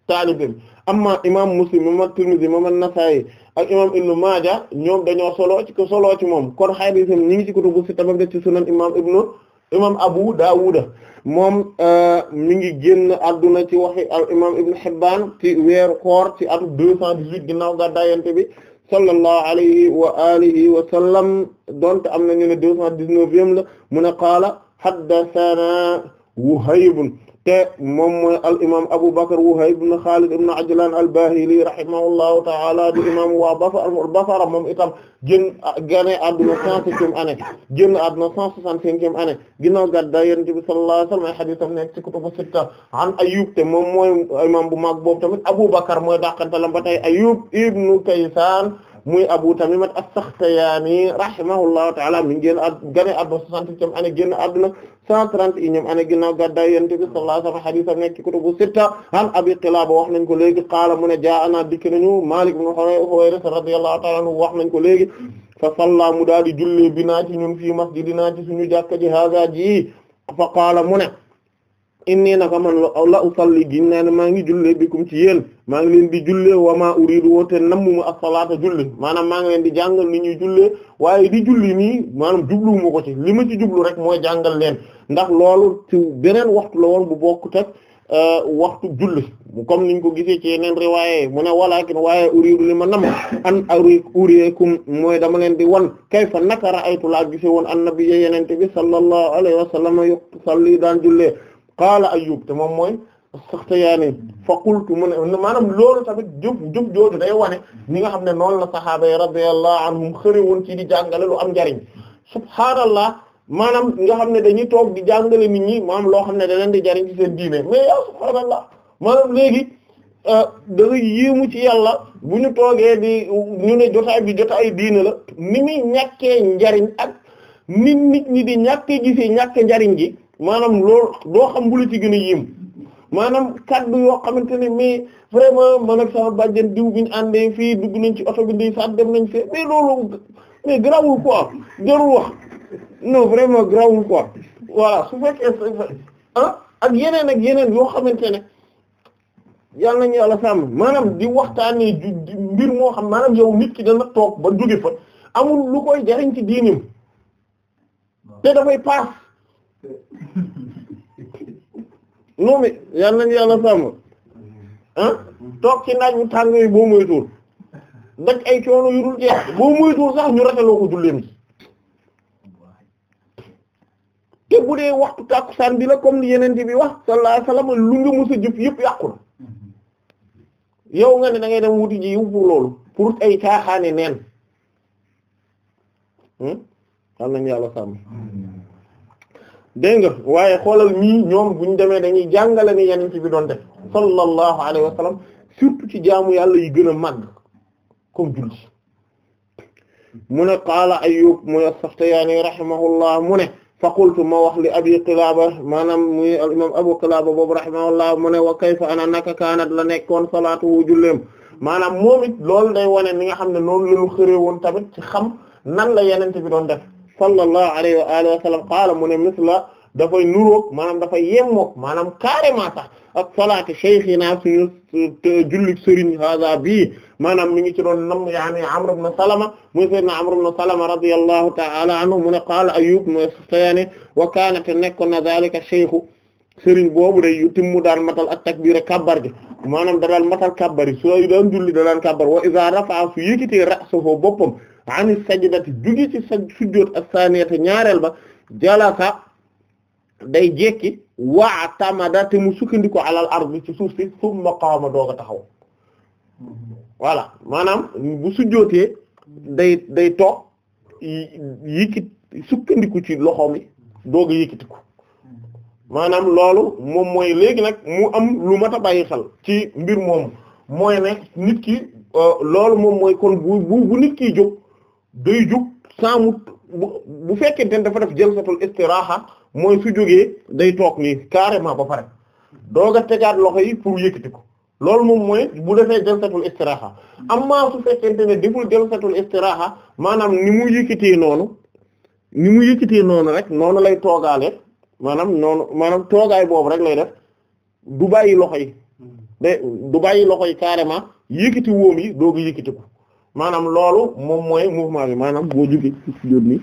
taalibim amma imam Muslim imam at-Tirmidhi imam an-Nasa'i ak imam Ibn Maaja ñoom dañoo soloo ci ko soloo ci moom kon hadiisam ñi ngi ci kutubu sitta tamam def ci sunan imam ibnu imam Abu Dawuda moom euh, mi ngi génn adduna ci waxi al imam Ibn Hibban ci weeru koor ci atu deux cent dix-huit ginnaaw gàddaay Yonent bi sallallahu alayhi wa alihi wa sallam donte am na ñu ne deux cent dix-neuvième la mu ne qaala haddathana Wuhayb te moom mooy al imam Abu Bakr Wuhayb ibn Khalid ibn Ajlan al-Bahili rahimahullahu ta'ala di imam waa Basra Basra itam génn génne àdduna 107e année génn àdduna 165e année ginnaaw gàddaay Yonent bi sallallahu alayhi wa ay hadiisam nekk ci kutubu sitta an Ayyub te moom mooy imam bu mag boobu tamit Abu Bakr mooy dàqantalam ba tey ibn Kaysan muy Abu Tamimat as-Saxtiyaani rahimahullahu ta'ala mi ngi génn ad gane àdduna soixante-septième année génn àdduna cent trente et unième année ginnaaw gàddaay Yonent bi sallallahu alayhi wa sallam hadiisam nekk ci kutubu sitta an Abi Qilaaba wax nañ ko léegi qaala mu ne jaa'anaa dikk ñu Maalik ibn Huwayris radiyallahu ta'ala anhu wax nañ ko léegi fa salla mu daal di julli binaa ci ñun fii masjidinaa ci suñu jàkka ji haaza ji fa qaala mu ne inni naka man la usalli giñ naa ne maa ngi jullee bikum ci yéen maa ngi leen di jullee wa maa uridu woote nammuma as-salaata julli maanaam maa ngi leen di jàngal ni ñuy jullee waaye di julli nii maanaam jubluwuma ko ci li ma ci jublu rek mooy jàngal leen ndax loolu ci beneen waxtu la woon bu bokkut ak euh, waxtu julli comme niñ ko gisee ci yeneen riwaaye mu ne walaakin waaye uridu li ma nam an ari urikum mooy dama leen di wan kayfa naka ra'aytu laa gisee woon annabi yenente bi sallallahu alayhi wa sallam yusalli daan jullee qaala Ayyub te moom mooy Saxtiyaani fa qultu mu ne maanaam loolu tamit jëf jëf jooju day wane ñi nga xam ne noonu la saxaaba yi radiyallahu anhum xëri woon ci di jàngale lu am njariñ subhaanallah maanaam nga xam ne dañuy toog di jàngale nit ñi maanaam loo xam ne da leen di jariñ ci seen diine mais yaa subhaanallah maanaam léegi euh, da nga ci yàlla bu ñu toogee di ñu ne jotaay bi jotaay diine la ni muy ñàkkee njariñ ak ni nit ñi di ñàkkee gisee ñàkkee njariñ gi maanam loolu doo xam bu la ci gën a yéem maanaam kaddu yoo xamante ne mais vraiment man ak sama bàjjen diw bi ñu àndee fii dugg nañ ci oto bi ndeysaan dem nañ fe mais loolu mais grawul quoi jarul wax non vraiment grawul quoi voilà su fekkee ah ak yeneen ak yeneen yoo xamante ne yàlla nañu yàlla sàmm maanaam di waxtaanee mbir moo xam maanaam yow nit ki dana toog ba jóge fa amul lu koy jariñ ci diinim te dafay paas. non (laughs) mais yal nañu yàlla sàmm ah toog ki naaj bu tàng yi boo moytuwul daj ay coono yu dul jeex boo moytuwul sax ñu rafetloo ko julleem gi te bu dee waxtu tàkkusaan bi la comme li yeneen bi wax sallallahu alayhi lu nga mës a yëpp yàqu na yow nga ne da dem wuti ji yiw pour loolu pour ay caaxaane neen hmm? yal nañu yàlla sàmm dégg nga waaye xoolal ñii ñoom bu ñu demee dañuy jàngale ni yeneen ti bi doon def sallallahu alayhi wa sallam ci jaamu yàlla yi gën a màgg comme julli mu ne qaala Ayyub mu ne Saxtiyaani rahimahullah mu ne fa qultu ma wax li Abi Qilaaba maanaam muy imaam Abu Qilaaba boobu rahimahullah mu ne wa kayfa ana naka kaanat la nekkoon salaatu julleem maanaam moom it loolu day wane ni nga xam ne noonu la ñu xëree woon tamit ci xam nan la yeneen ci bi doon def. sallallahu alayhi wa alihi wa sallam qaala mu ne misla dafay nuroog maanaam dafay yemmoog maanaam carrément sax ak salaati shaykhina suñu jullit sëriñ hada bii maanaam mi ngi ci doon nam yaani Amr ibn Salama muy sayyidina Amr ibn Salama radiyallahu ta'ala anhu mu ne qaala Ayyub mu Sastayaani wa kaana te nekkoon na zaalika shaykhu sëriñ boobu day timmu daan matal ak takbiir kabbar gi maanaam da daan matal kabbar yi soo daan julli da daan kabbar wa iza rafa'a su yëkkatee ra'sahu boppam ani sajdati jugi ci sa sujjóot as-saniyata ñaareel ba jalasa day jekki waa tamada te mu sukkandiku alal ardi ci suuf si summa qaama doog a taxaw voilà maanaam bu sujjóotee day day toog yëkkit sukkandiku ci loxo mi doog a yëkkitiku maanaam loolu moom mooy léegi nag mu am lu mat a bàyyi xel ci mbir moom mooy ne nit ki euh, loolu moom mooy kon bu bu bu jóg day jug sans mu bu fekkente ne dafa def jël jalsatul istiraha mooy su jógee day toog nii carrément ba pare doog a tegaat loxo yi pour yëkkati ko loolu moom mooy bu defee jalsatul istiraha amma su fekkente ne jël jalsatul istiraha maanaam ni mu yëkkitee noonu ni mu yëkkitee noonu rek noonu lay toogaale maanaam noonu maanaam toogaay boobu rek lay def du bàyyi loxo yi hmm. de du bàyyi loxo yi carrément yëkkati wóom yi doog a maanaam loolu moom mooy mouvement bi maanaam boo jógee ci sujjóot nii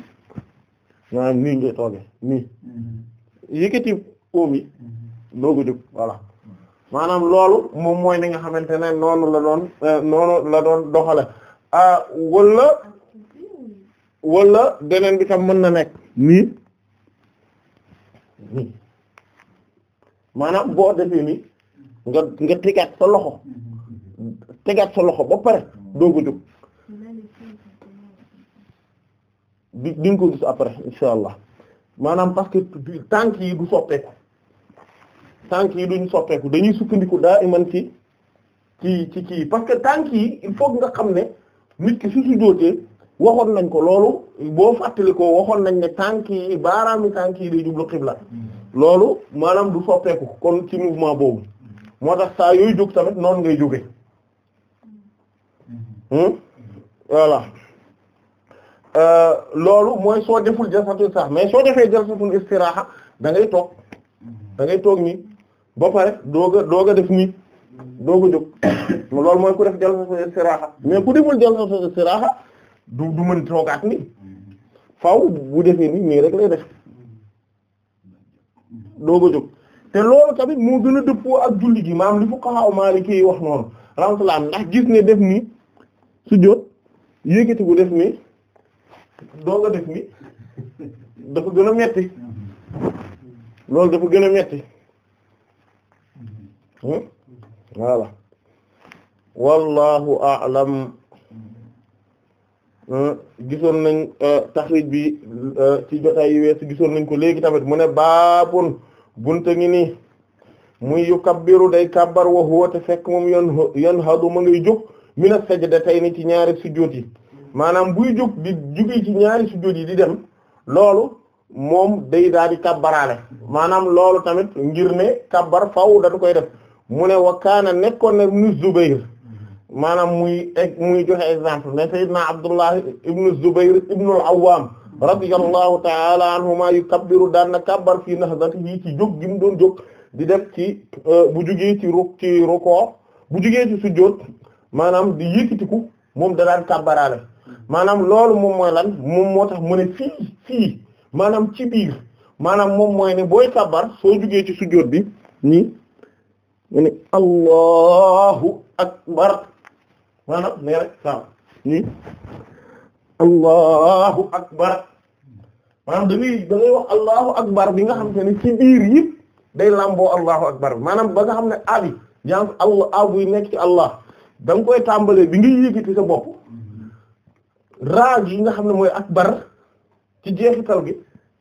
maanaam nii ngay toogee nii mm-hmm. yëkkati óom yi mm-hmm. doogu jóg voilà maanaam loolu moom mooy ni nga xamante ne noonu la doon euh, noonu la doon doxale ah, wala wala beneen bi tam mën na nekk nii maanaam boo defee nii nga nga sa loxo mm-hmm. tegaat sa loxo ba pare doogu jóg di di ko gis après insha allah maanaam parce que tànk yi du soppeeku tànk yi duñ soppeeku dañuy sukkandiku daa iman ci ci ci kii parce que tànk yi il faut nga xam ne nit ki su su jootee waxoon nañ ko loolu boo fàttali ko waxoon nañ ne tànk yi baaraami tànk yi day jublu xibla mm. loolu maanaam du soppeeku kon ci mouvement boobu mm. moo tax saa yooy jóg tamit noonu ngay jóge mm. Hmm? voilà Euh, loolu mooy soo deful jalsatul saa mais soo defee jalsatul istiraaxa da ngay toog da ngay toog nii ba pare doog a doog def nii doog a jóg (coughs) loolu mooy ku def jalsatul istiraaxa mais ku deful jalsatul istiraaxa du du mën toogaat nii faaw bu defee nii nii rek lay def doog a jóg te loolu tamit moo gën a dëppoo ak julli gi maam li fuqaha maliki yi wax noonu rahmatullah ndax gis ne def nii su jot yëkkati bu def nii. doo nga ni dafa gën a metti loolu dafa gën a metti hmm? voilà wallahu a'lam hmm? gisoon nañ euh, taxrij bi euh, ci jotaay yu gisoon nañ ko léegi tamit mu ne baabun bunta ngi nii muy yu kabbiru day kabbar wa huwa fekk moom yan yan hadu ma ngay jóg mina sajdatayni ci ñaari sujjóot yi maanaam buy jóg di jóge ci ñaari sujjóot di dem loolu moom day daal di kabbaraale maanaam loolu tamit ngir ne kabbar faaw da koy def mu ne wa kaana nekkoon na ibnu Zubayr maanaam muy muy joxe exemple ne sayyidna Abdullah ibnu Zubayr ibnu al-Awwam radiyallahu ta'ala anhuma yukabbiru daan na kabbar fii nahdatihi ci jóg gi mu doon jog di dem ci euh, bu jugee ci ru ci ruko bu jugee ci sujjóot maanaam di yëkkatiku moom da daan kabbaraale maanaam loolu moom mooy lan moom moo tax mu ne fii fii maanaam ci biir maanaam moom mooy ne booy kabar soo jugee ci sujjóot bi nii mu ne allahu akbar maanaam nee rek saa nii allahu akbar maanaam da ngay da nga xam te ne ci biir yëpp day lamboo allahu akbar bi maanaam ba nga xam ne abi yaa ngi allah abuy nekk ci allah da nga koy tàmbalee bi ngay yëkkati sa bopp raaj yi nga xam ne mooy akbar ci jeexital gi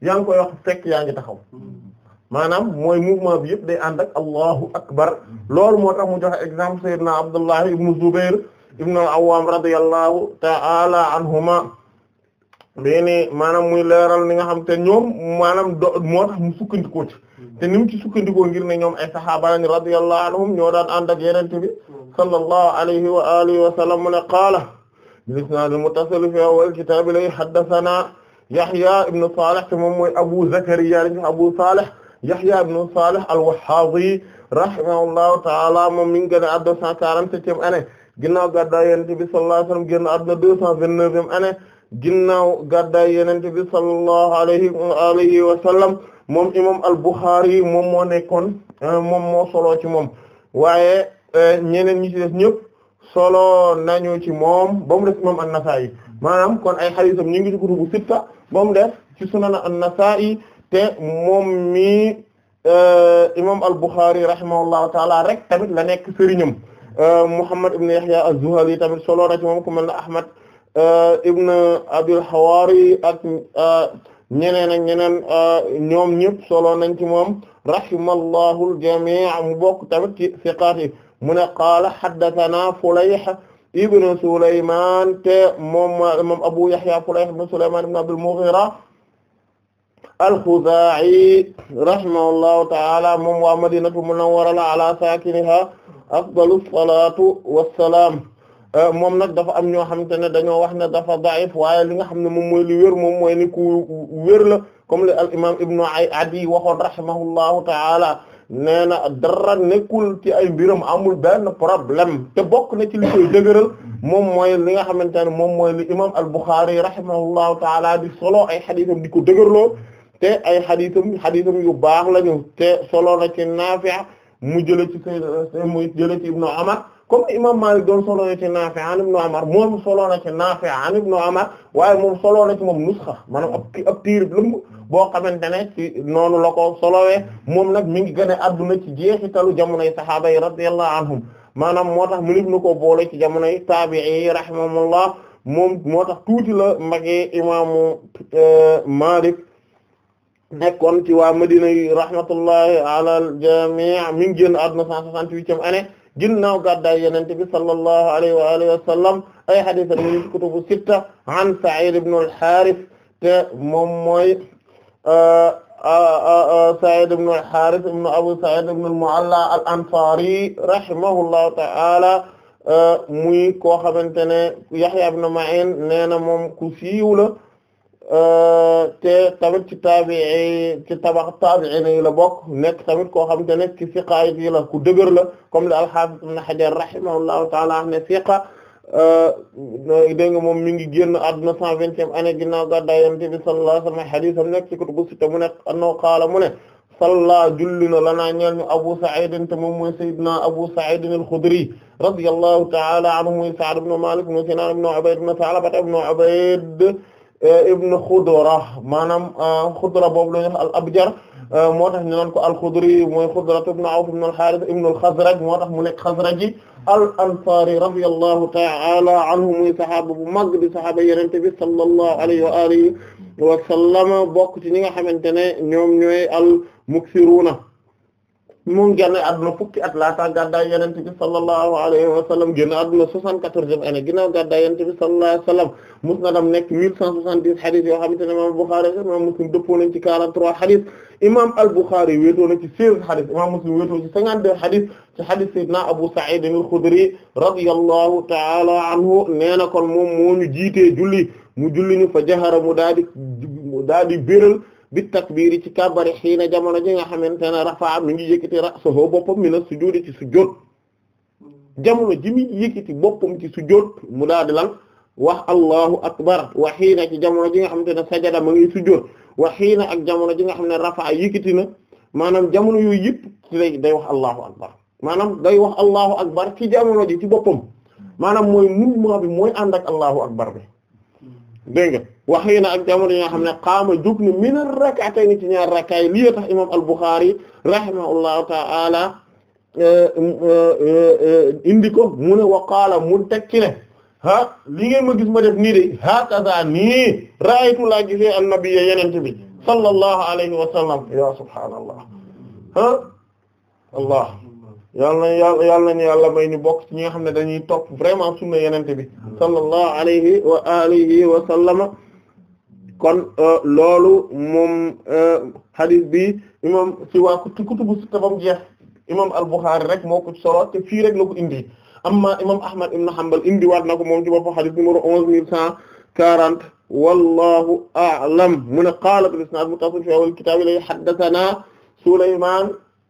yaa ngi koy wax fekk yaa ngi taxaw maanaam mooy mouvement bi yëpp day ànd ak allahu akbar loolu moo tax mu joxe exemple sayyidina abdullahi ibnu zubair ibnu al-awwam radiyallahu ta'ala anhuma bii ni maanaam muy leeral ni nga xam te ñoom maanaam do moo tax mu sukkandikoo ci te ni mu ci sukkandikoo ngir ne ñoom ay sahaaba lañ radiyallahu anhum ñoo daan ànd ak yenente bi sallallahu alayhi wa alihi wa sallam mu qaala bil isnaad al muttasil fi awwal kitaab lay haddathana Yahya ibn Salih te moom mooy Abu Zakariya ibn Abu Salih Yahya ibn Salih al-Wahhaazi rahimahullahu ta'ala moom mi ngi génn àdduna 147e année ginnaaw gàddaay Yonent bi sallallahu alayhi wa sallam génn àdduna 229e année ginnaaw gàddaay moom imam al-Bukhari moom moo nekkoon moo solo ci moom waaye eh, ñeneen ñi solo nañu ci moom ba mu def imam an-Nasa'i maanaam kon ay xadisam ñu ngi ci kutubu sitta ba mu def ci sunan an-Nasa'i te moom mi euh, imam al-Bukhari rahimahullahu taala rek tamit la nekk sëriñam euh, Muhammad ibn Yahya az-Zuhali tamit solo na ci moom ku mel ne Ahmad euh, ibn Abil Hawari ak ñeneen ak ñoom ñëpp solo nañ ci moom rahimallahu al-jami' mu bokk tamit ci siqaat mu ne qaala haddathana Fulayh ibn Sulaymaan te moom moom Abu Yahya Fulayh ibn Sulaymaan ibn Abdul Mughira al-Khuzaa'i rahimahullahu ta'ala moom waa Madinatu Munawwara ala saakinihaa afdalu salaatu wassalaam moom nag dafa am ñoo xamante ne dañoo wax ne dafa da'if waaye li nga xam ne moom mooy li wér moom mooy ni ku wér la comme le al imaam Ibnu Adi waxoon rahimahullahu ta'ala nee na dara nekkul ci ay mbiram amul benn problème te bokk na ci li koy dëgëral moom mooy li nga xamante ne moom mooy li imam al-Bukhari rahimahullahu taala di solo ay xadiisam di ko dëgërloo te ay xadiisam xadiisam yu baax lañu te solo na ci Naafi' mu jëlee ci sa mu ci Ibnu Umar comme imam Malik doon solo na ci Naafi' an Ibnu Umar moom solo na ci Naafi' an Ibnu Umar waaye moom solo na ci moom nusxa maanaam ab ab tiir boo xamante ne ci noonu la ko solowee moom nag mi ngi gën a adduna ci jeexitalu jamonoy sahaaba yi radiyallahu anhum maanaam moo tax munif na ko boole ci jamonoy taabi'i yi rahimahumullah moom moo tax tuuti la magee imaamu euh, Maalik nekkoon ci waa Madina yi rahmatullahi ala al-jamii mi ngi génn àdduna 168e année ginnaaw gàddaay Yonent bi sallallahu alayhi wa alihi wa sallam ay hadiis yi ci sitta an Sa'iid ibn al-Haarith te moom mooy Sa'id ibn al-Harith ibn Abu Sa'id ibn al-Mu'alla al-Ansari rahimahullahu ta'ala muy koo xamante ne Yahya ibn Ma'in nee na moom ku siiw la te tamit ci taabi'i ci tabax taabi'iin yi la bokk nekk tamit koo xamante ne ci siqaayit yi la ku dëgër la comme le al-Hafiz ibn Hajar rahimahullahu ta'ala ne siqa Euh, dégg nga moom mi ngi génn àdduna cent vingtième année ginnaaw gàddaay yonent bi sallallahu alayhi wa sallam hadith am nekk ci kutubu sitta mu ne annahu qaala mu ne salla julli na lanaa ñeel ñu Abu Sa'id te moom mooy Sayyidina Abu Sa'id al-Khudri radiyallahu ta'ala anhu muy Sa'd ibn Malik muy Sinan ibn Ubayd ibn Tha'laba ibn Ubayd ibn Khudra maanaam Khudra euh, boobu la ñu wax al-Abjar Euh, moo tax ñu naan ko al-Xudri mooy Xudrat ibn Awf ibn al-Haaris ibn al-Xazraj moo tax mu nekk Xazraji al-Ansaari radiyallahu ta'ala anhu muy saxaaba bu mag di saxaaba Yonent bi sallallahu alayhi wa alihi wa sallam bokk ci ñi nga xamante ne ñoom ñooy al-muksiruuna mu ngi génn àdduna fukki at laata gàddaay yonent bi sallallahu alayhi wa sallam génn àdduna 74e année ginnaaw gàddaay yonent bi sallallahu alayhi wa sallam musnadam nekk 1170 xadis yoo xamante ne imaam Bukhari imaam Muslim al-Bukhari wéetoo ci 16 xadis imaam Muslim al-Khudri radiyallahu ta'ala anhu nee kon moom moo ñu julli mu julli ñu fa jahara mu daal di mu di biral bi takbiiri ci kàbbari xiina jamono ji nga xamante ne rafaa mi ngi yëkkati ra'sahu boppam mi na sujóot ci sujóot jamono ji mi yëkkati boppam ci sujóot mu daal di lan wax allahu akbar wa xiina ci jamono ji nga xamante ne sajada ma ngi sujóot wa xiina ak jamono ji nga xam ne rafaa yëkkati na maanaam jamono yooyu yëpp ci day wax allahu akbar maanaam day wax allahu akbar ci jamono ji ci boppam maanaam mooy mouvement bi mooy ànd ak allahu akbar bi dégg waxii na ak jamono yi nga xam ne qaama jug ni min rak'atayn ci ñaar rakkaay lii tax imam al-Bukhari rahimahullahu ta'ala indi ko mu ne wa qaala mu teg ci ne ha li ngeen ma gis ma def nii de hakaza nii ra'aytu laa gisee annabiyya yenente bi sallallahu alayhi wa sallam ya subhaanallah ha allah yàlla na yàlla yàlla nañu yàlla may ñu bokk ci ñi nga xam ne dañuy topp vraiment sunna yenente bi sallallahu alayhi wa alihi wa sallama kon euh, loolu moom euh, hadith bi imam ci waa kutubu sitta bam jeex imam al-Bukhari rek moo ko solo te fii rek la ko indi amma imam Ahmad ibn Hanbal indi waat na ko moom ci boppam hadith numéro onze mille cent quarante wallahu a'lam mu ne qaala bil isnad muttasil fi awwal kitab ilay haddathana Sulayman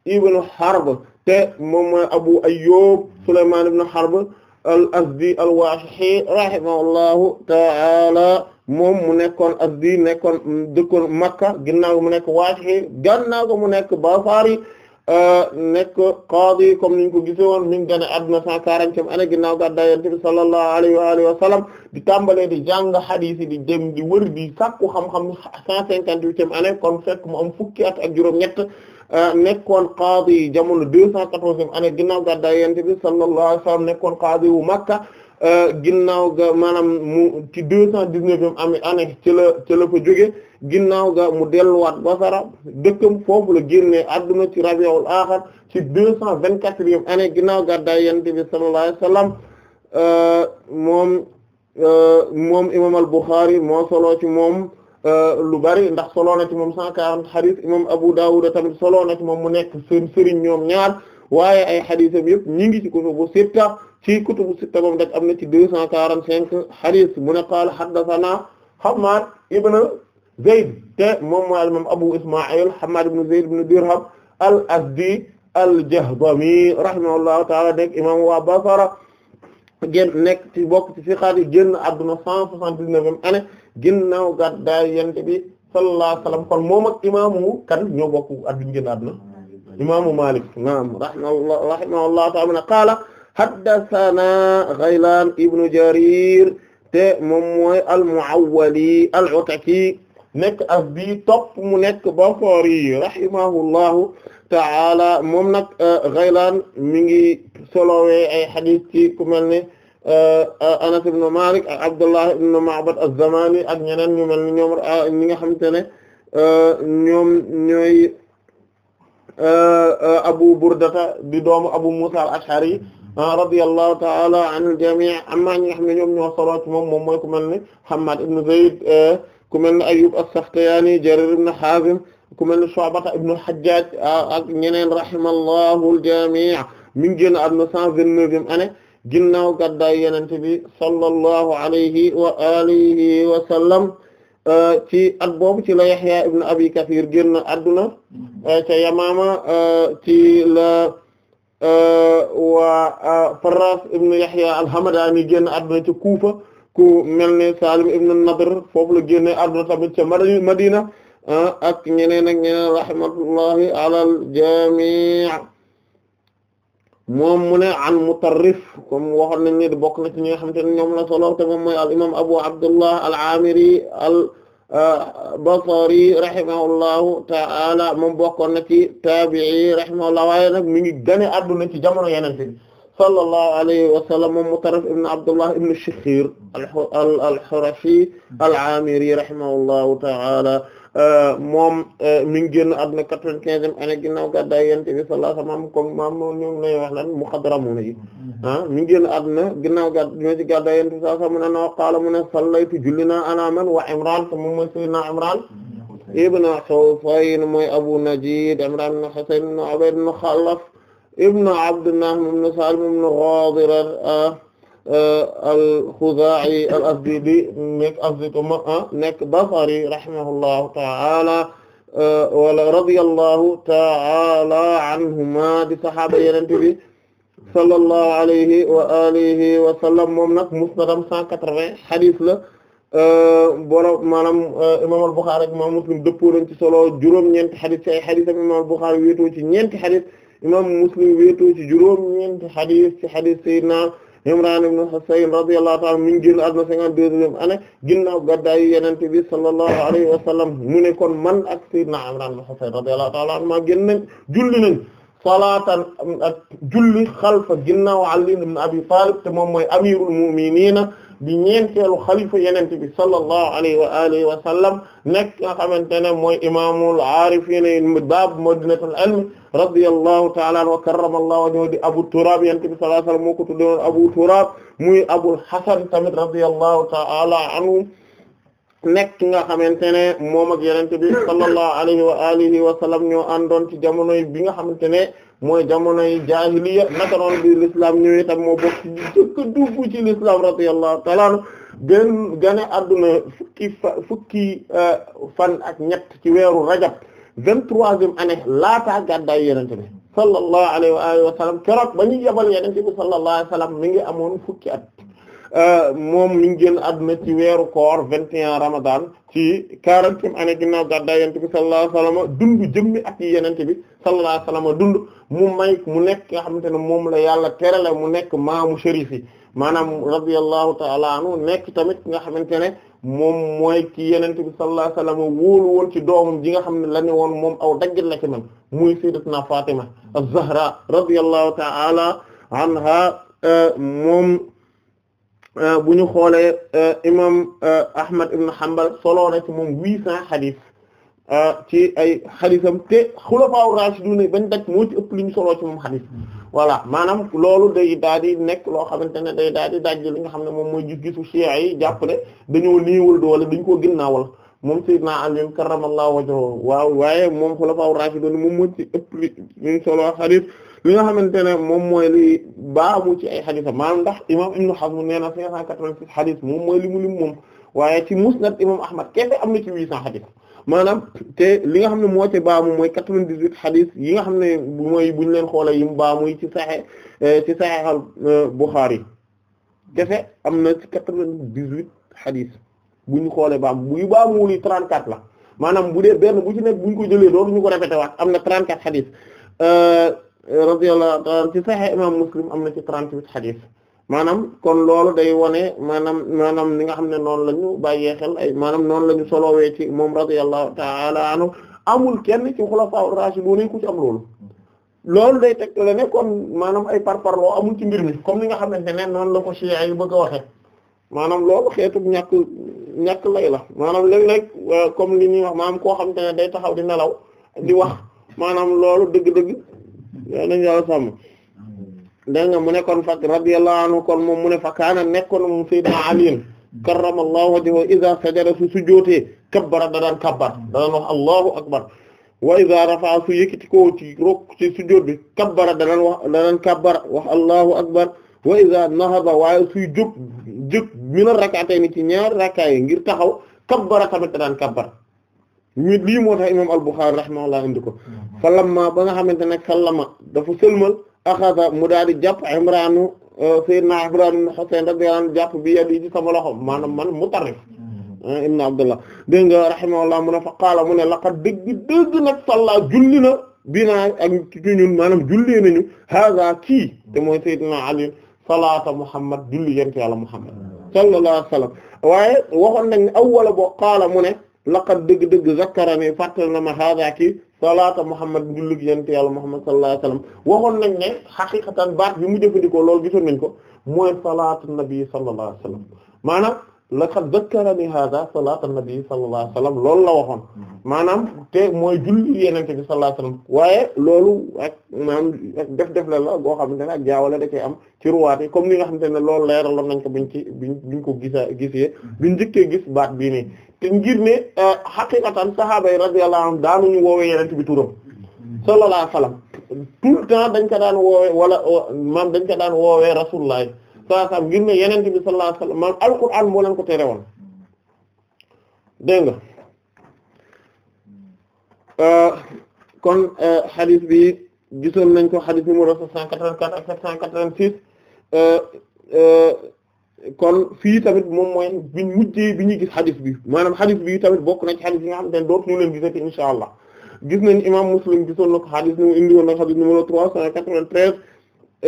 ibn Harb te moom mooy Abu Ayyub Sulayman ibn Harb al-Azdi al-Washihi rahimahullahu ta'ala moom mu nekkoon Azdi nekkoon dëkkoon Makka ginnaaw mu nekk Washihi gannaaw ko mu nekk Basri euh, nekk qaadi comme niñ ko gisoon mi ngi gën a adduna 140 ane ginnaaw gàddaay Yonent bi sallallahu alayhi wa alihi di tàmbalee di jàng hadith di dem di wër di sakku xam-xam 158 ane kon fekk mu am fukki at ak juróom-ñett. Euh, nekkoon qaadi yi jamono deux cent quatorzième année ginnaaw gàddaay yonent bi sallallahu alayhi wasallam nekkoon qaadi wu Makka euh, ginnaaw ga maanaam mu ci deux cent dix-neuvième année année ci la ci la fa jóge ginnaaw ga mu delluwaat Basra dëkkam foofu la génnee adduna ci Rabiul Axir ci deux cent vingt-quatrième année ginnaaw gàddaay yonent bi sallallahu alayhi wasallam euh, moom moom imaam al-Bukhari moo solo ci moom Euh, lu bari ndax solo na ci moom 140 xadis imam Abu Dawud tamit solo na ci moom mu nekk seen ñoom ñaar waaye ay xadisam yëpp ñi ngi ci kutubu sitta ci kutubu sitta moom rek am na ci 245 xadis mu ne qaala haddathana Hammad ibn Zayd te moom mooy imam Abu Isma'il Hammad ibn Zayd ibn Dirham al-Azdi al-Jahdami rahimahullahu ta'ala nekk imam waa Basra génn nekk ci bokk ci siqaat yi génn adduna 179 ane ginnaaw gàddaay yonent bi sallallahu alayhi wasallam kon moom ak imaamu kan ñoo bokk adduna génn àdduna imaamu Maalik naam rahimahullah rahimahullahu ta'ala qaala haddathana Ghaylaan ibnu Jarir te moom mooy al-Mu'awwali al-Ataki nekk asbi topp mu nekk Basri rahimahullahu ta'ala moom nag Ghaylaan mi ngi solowee ay hadith ci ku mel ne Anas ibn Malik ak Abdullah ibn Ma'bad az-Zamani ak ñeneen ñu mel ni ñoom ñi nga xamante ne ñoom ñooy Abu Burdata di doomu Abu Musa al-Ash'ari radiyallahu ta'ala anil jami' ñoom ñoo solo ci moom ku mel ni Hammad ibn Zayd ku mel ni Ayyub as-Sakhtiyani Jarir ibn Hazim ku mel ni Shu'bata ibn al-Hajjaj ak ñeneen rahimallahu al-jami' mi ngi génn àdduna 129e année ginnaaw gàddaay yenente bi sallallahu alayhi wa alihi euh, ci at boobu ci la Yahya ibn Abi Kathir génn adduna euh, ca Yamama euh, ci la waa Farras ibn Yahya al-Hamadani génn adduna ca Kufa ku mel Salim ibn Nadr foofu la adduna ca Madina ak ñeneen ak ñeneen rahmatullahi ala al-jami' moom mu ne an Mutarrif comme waxoon nañ ne bokk na ci ñi nga xamante ne ñoom la solo te moom mooy al imam Abu Abdullah al-Amiri al Basri rahimahullahu ta'ala moom bokkoon na ci taabi'i rahimahullah waaye nag mi ngi gane adduna ci jamono Yonent bi sallallahu alayhi wa sallam moom Mutarrif ibn Abdullah ibn Shikhir al al al-Hurashi al-Amiri rahimahullahu ta'ala Euh, moom euh, mi génn àdduna quatre-vingt-quinzième année ginnaaw gàddaay yonent bi sallallahu alayhi wasallam comme maam moom ñoom lay wax lan muxadramuna yi ah génn àdduna ginnaaw gàd ñoo ci gàddaay yonent bi sallallahu alayhi mu ne qaala mu ne sallaytu julli naa ana man wa Imraan te moom mooy sayyidina Imraan ibn Husayn mooy Abu Najiid Imraan ibn Husayn ibn Ubayd ibn Khalaf ibn Abdullah ibn Salim ibn Ghadir ah, al-Khuzaa'i al-Azdi bi nekk Azdi tuma nekk Basri rahimahullahu ta'ala wala radiyallahu ta'ala anhuma di saxaaba Yonent bi sallallahu alayhi wa alihi wa sallam moom nag musnadam 180 xadis la borom maanaam imaam al-Bukhari ak imaam Muslim dëppoo nañ ci solo juróom-ñeenti xadis ci ay xadisam imaam al-Bukhari wéetoo ci ñeenti xadis imaam Muslim wéetoo ci juróom-ñeenti xadis ci xadis Seydina Imran ibn Husayn radiyallahu ta'ala mi ngi génn àdduna cinquante-deuxième année ginnaaw gàddaayu Yonent bi sallallahu alayhi wa sallam mu ne kon man ak Sayyidina Imran ibn Husayn radiyallahu ta'ala anhumaa génn nañ julli nañ salaatan ak julli xalfa ginnaaw Ali ibn Abi Talib te moom mooy amirul mu'minina di ñeenteelu xalifa yenente bi sallallahu alayhi wa alihi wa sallam nekk nga xamante ne mooy imaamul aarifiina baab madinatul di abu turab yenente bi sallallahu alayhi wa sallam moo ko tuddoon abu turab muy abul hasan tamit radiyallahu ta'ala anhu nekk nga xamante ne moom ak yenente bi sallallahu alayhi wa alihi wa sallam ñoo àndoon ci jamonoy bi nga xamante ne mooy jamonoy jaahiliya naka noonu bi l'islam ñëwee tam moo bokk ci jëkk dugg ci l'islam radiyallahu ta'ala gane adduna fukki euh, fan ak ñett ci weeru rajab vingt-troisième année laataa gàddaay yenente bi sallallahu alayhi wa alihi wa sallam keroog ba ñu yebal yenente bi sallallahu alayhi wa sallam mi ngi amoon fukki at euh, moom mi ngi génn àdduna ci weeru koor vingt et un ramadan ci quarantième année ginnaaw gàddaay yenente bi sallallahu alayhi wa dundu jëmmi at yi yenente bi sallallahu alayhi dund mu may mu nekk nga xamante ne moom la yàlla terale mu nekk maamu shérif yi maanaam radiyallahu ta'ala anhu nekk tamit nga xamante ne moom mooy ki yenente bi sallallahu alayhi wasallam ci doomam ji nga xam ne la ne woon moom aw daggit la ci man muy sayyidatuna Fatima az-Zahra radiyallahu ta'ala anha moom bu ñu xoolee imam Ahmad ibn Hanbal solo na ci moom huit cent hadith Ah, ci ay xadisam te xulafaa rashidun yi bañ daj moo ci ëpp li ñu soloo ci moom xadis voilà maanaam loolu day daal di nekk loo xamante ne day daal di daj li nga xam ne moom mooy gis-gisu shi'a yi jàpp ne dañoo niiwal doole dañ koo ginnaawal moom sayyidina Ali karramallahu wajhahu waaw waaye moom xulafaa rashidun yi moom moo ci ëpp li ñu soloo xadis li nga xamante ne moom mooy li baamu ci ay xadisam maanaam ndax imam Ibn xam nee na cinq cent quatre-vingt-six xadis moom mooy li mu lim moom waaye ci musnad imam Ahmad kefe am na ci huit cent xadis maanaam te li nga xam ne moo ci baamu mooy quatre-vingt-dix-huit xadis yi nga xam ne mooy bu ñu leen xoolee yim baamuy ci saxe eh, ci saxeexal eh, Buxaari kese am na ci quatre-vingt-dix-huit bu ñu xoolee baam buy baamuwul yi trente-quatre la maanaam bu dee benn bu ci nekk buñ ko jëlee doon ñu ko répété waat am na trente-quatre xadis eh, radiyallahu ta'ala ci saxe imam Muslim am na ci trente-huit xadis maanaam kon loolu day wone maanaam maanaam ni nga xam ne noonu la ñu bàyyee xel ay maanaam noonu la ñu solowee ci moom radiyallahu ta'ala anhu amul kenn ci xulafa rashidun ne ku ci am loolu loolu day teg la ne kon maanaam ay parparloo amul ci mbir mi comme ni nga xamante ne noonu la ko chia yi bëgg a waxe maanaam loolu xeetu ñàkk ñàkk lay la maanaam léeg-léeg euh, comme li ñuy wax maanaam koo xam xamante ne day taxaw di nelaw di wax maanaam loolu dëgg-dëgg nañ yàlla sàmm dégg nga mu ne kon fa radiyallahu anhu kon moom mu ne fa kaana nekkoon moom sayyidina Ali karramallahu wajhahu iza sajada su sujjóotee kabbara da daan da daan wax allahu akbar wa iza rafa'a su yëkkati ko ci rok ci sujjóot bi kabbara da daan wax da daan kabbar wax allahu akbar wa iza nahada waaye suy jóg jóg mina rak'atayn ci ñaar rakkaa yi ngir taxaw kabbara tamit da daan kabbar ñu lii moo tax imam al-Bukhari rahimahullah indi ko mm-hmm. fa lamma ba nga xamante ne sallama dafa sëlmal axada mu daal di jàpp imraanu euh, sayyidina imraan ibn husayn radiyallahu anhu jàpp bi yadi ci sama loxo maanaam man mutarrif euh, ibn abdullah dégg nga rahimahullah mu ne fa qaala mu ne laqad dëgg dëgg nag salla julli na binaa ak ci ñun maanaam julli nañu haza kii te mooy sayyidina ali salaata muhammad julli yent yàlla muhammad sallallahu alayhi wa sallam waaye waxoon nañ awwala boo qaala mu ne laqad dëgg-dëgg zakkarani fàttal na ma hada ki salaata muhammad jullug yent yàlla muhammad sallallahu alayhi wasallam waxoon nañ ne xaqiqatan baat bi mu jëfandikoo loolu gisoon nañ ko mooy salaatu nabi sallallahu alayhi wasallam maanaam laqad zakkarani hada salaata nabi sallallahu alayhi wasallam loolu la waxoon maanaam te mooy julli yenente bi sallallahu alayhi wasallam waaye loolu ak maanaam ak def def la la goo xamante ne ak jaawale da cee am ci ruwaat comme ni nga xamante ne loolu leeraloon nañ ko buñ ci biñ biñ ko gisa gisee bi njëkkee gis baat bii nii te ngir ne xaqiqatan euh, sahaaba yi radiyallahu anhum daanuñu woowee yenent bi turam sallallahu alayhi wa le temps dañ ko daan woowee wala maam dañ ko daan woowee rasulullah sallallahu alayhi wa sallam ngir ne yenent bi sallallahu alayhi wa sallam maam alquran moo leen ko tere woon dégg euh, kon euh, xadis bi gisoon nañ ko xadis numéro 784 ak 786 kon fii tamit moom mooy biñ mujjee bi ñuy gis xadis bi maanaam xadis bi tamit bokk na ci xadis yi nga xam ne dootu ñu leen gisati insha allah gis nañ imam muslim gisoon na ko xadis nu indi woon na ko trois cent quatre-vingt-treize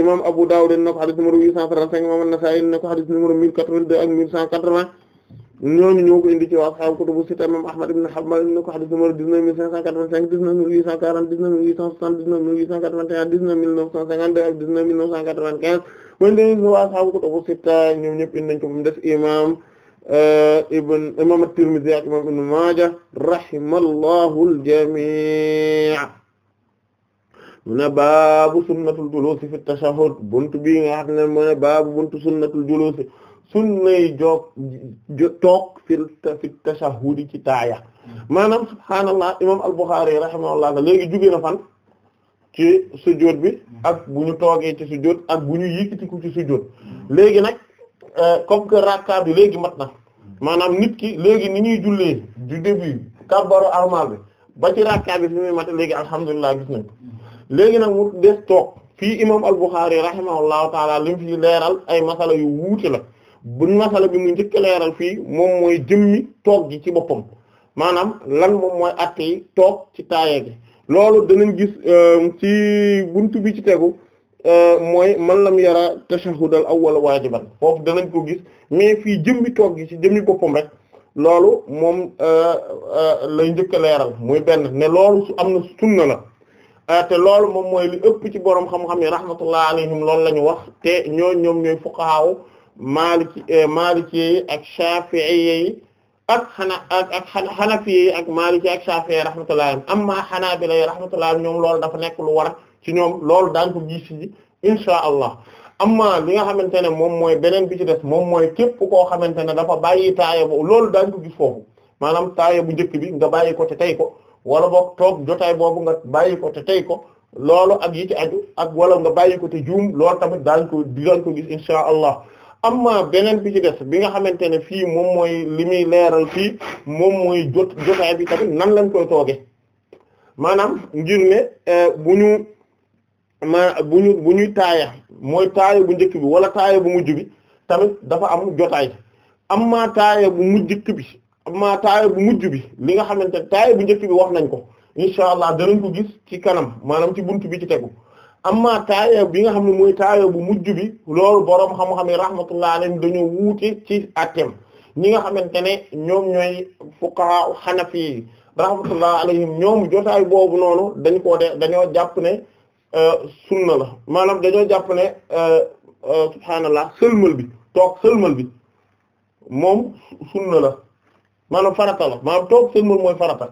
imam abu dawud na ko xadis numéro huit cent trente-cinq imam an-nasa'i na ko xadis numéro quatre-vingt-deux ak cent quatre-vingts ñooñu ñoo ko indi ci waa xaw kutubu sitta imam Ahmad ibn Hanbal indi na ko hadith numéro 19585 19840 19860 19881 19952 ak 19995 mooy leen waa xaw kutubu sitta ñoom ñëpp indi nañ ko mu def imam euh, ibn imam at-Tirmidhi ak imam Ibn Majah rahimallahu al-jami' mu ne baabu sunnatul julusi fi tashahhud buntu bii nga xam ne mu ne baabu buntu sunnatul julusi sunnay joog toog fil fi tashahhudi ci taaya maanaam subhaanallah imam al-Bukhari rahimahullah léegi juge na fan ci sujjóot bi ak bu ñu toogee ci sujjóot ak bu ñu yëkkatiku ci sujjóot léegi nag euh, comme que bi léegi mat na maanaam nit ki léegi ni ñuy jullee du début kabbaru armal bi ba ci rakka bi fi muy mat léegi alhamdulilah gis léegi nag mu des toog fii imam al-Bukhari rahimahullahu taala li mu fi leeral ay masala yu wuute la bu masala bi mu njëkk leeral fii moom mooy jëmmi toog gi ci boppam maanaam lan moom mooy atte yi toog ci taayee gi loolu danañ gis euh, ci bunt bi ci tegu euh, mooy man lam yara tashahhud al awwal waajiban foofu danañ ko gis mais fii jëmmi toog gi ci jëmmi boppam rek loolu moom euh, lay njëkk leeral muy benn ne loolu su am na sunna la te loolu moom mooy li ëpp ci borom xam-xam yi rahmatullah alayhim loolu la wax te ñoo ñoom ñooy fuqahaa maliki eh, maliki yi ak shafi'iyya yi ak xana ak ak xanafiye yi ak maliki ak shafi'i rahmatullahi amma xanaabila yi rahmatullahi ñoom loolu dafa nekk lu war ci ñoom loolu daañ ko gis ci insha allah amma li nga xamante ne moom mooy beneen bi ci des moom mooy képp koo xamante ne dafa bàyyi taaye boobu loolu daañ ko gis foofu maanaam taaye bu njëkk bi nga bàyyi ko te tey ko wala boog toog jotaay boobu nga bàyyi ko te tey ko loolu ak yi ci ak wala nga bàyyi ko te juum loolu tamit daañ ko daañ ko amma beneen bi ci des bi nga xamante ne fii moom mooy li muy leeral fii moom mooy jot jotaay bi tamit nan lañ koy tooge maanaam ngir eh, bu ñu ma bu ñu bu ñuy taaya mooy taaya bu njëkk bi wala taaya bu mujj bi tamit dafa am jotaay amma taaya bu mujjëkk bi amma taaya bu mujj bi li nga xamante ne taaya bu njëkk bi wax nañ ko incha allah danañ ko gis ci kanam maanaam ci buntu bi ci tegu amma taaya bi nga xam ne mooy taaya bu mujj bi loolu boroom xam-xam yi rahmatullah alayhim dañoo wuute ci atem ñi nga xamante ne ñoom ñooy fuqaha xanafi yi rahmatullah alayhim ñoom jotaay boobu noonu dañ koo de dañoo jàpp ne euh, sunna la maanaam dañoo jàpp ne euh, euh, subhaanallah sëlmal bi toog sëlmal bi moom sunna la maanaam farata la maanaam toog sëlmal mooy farata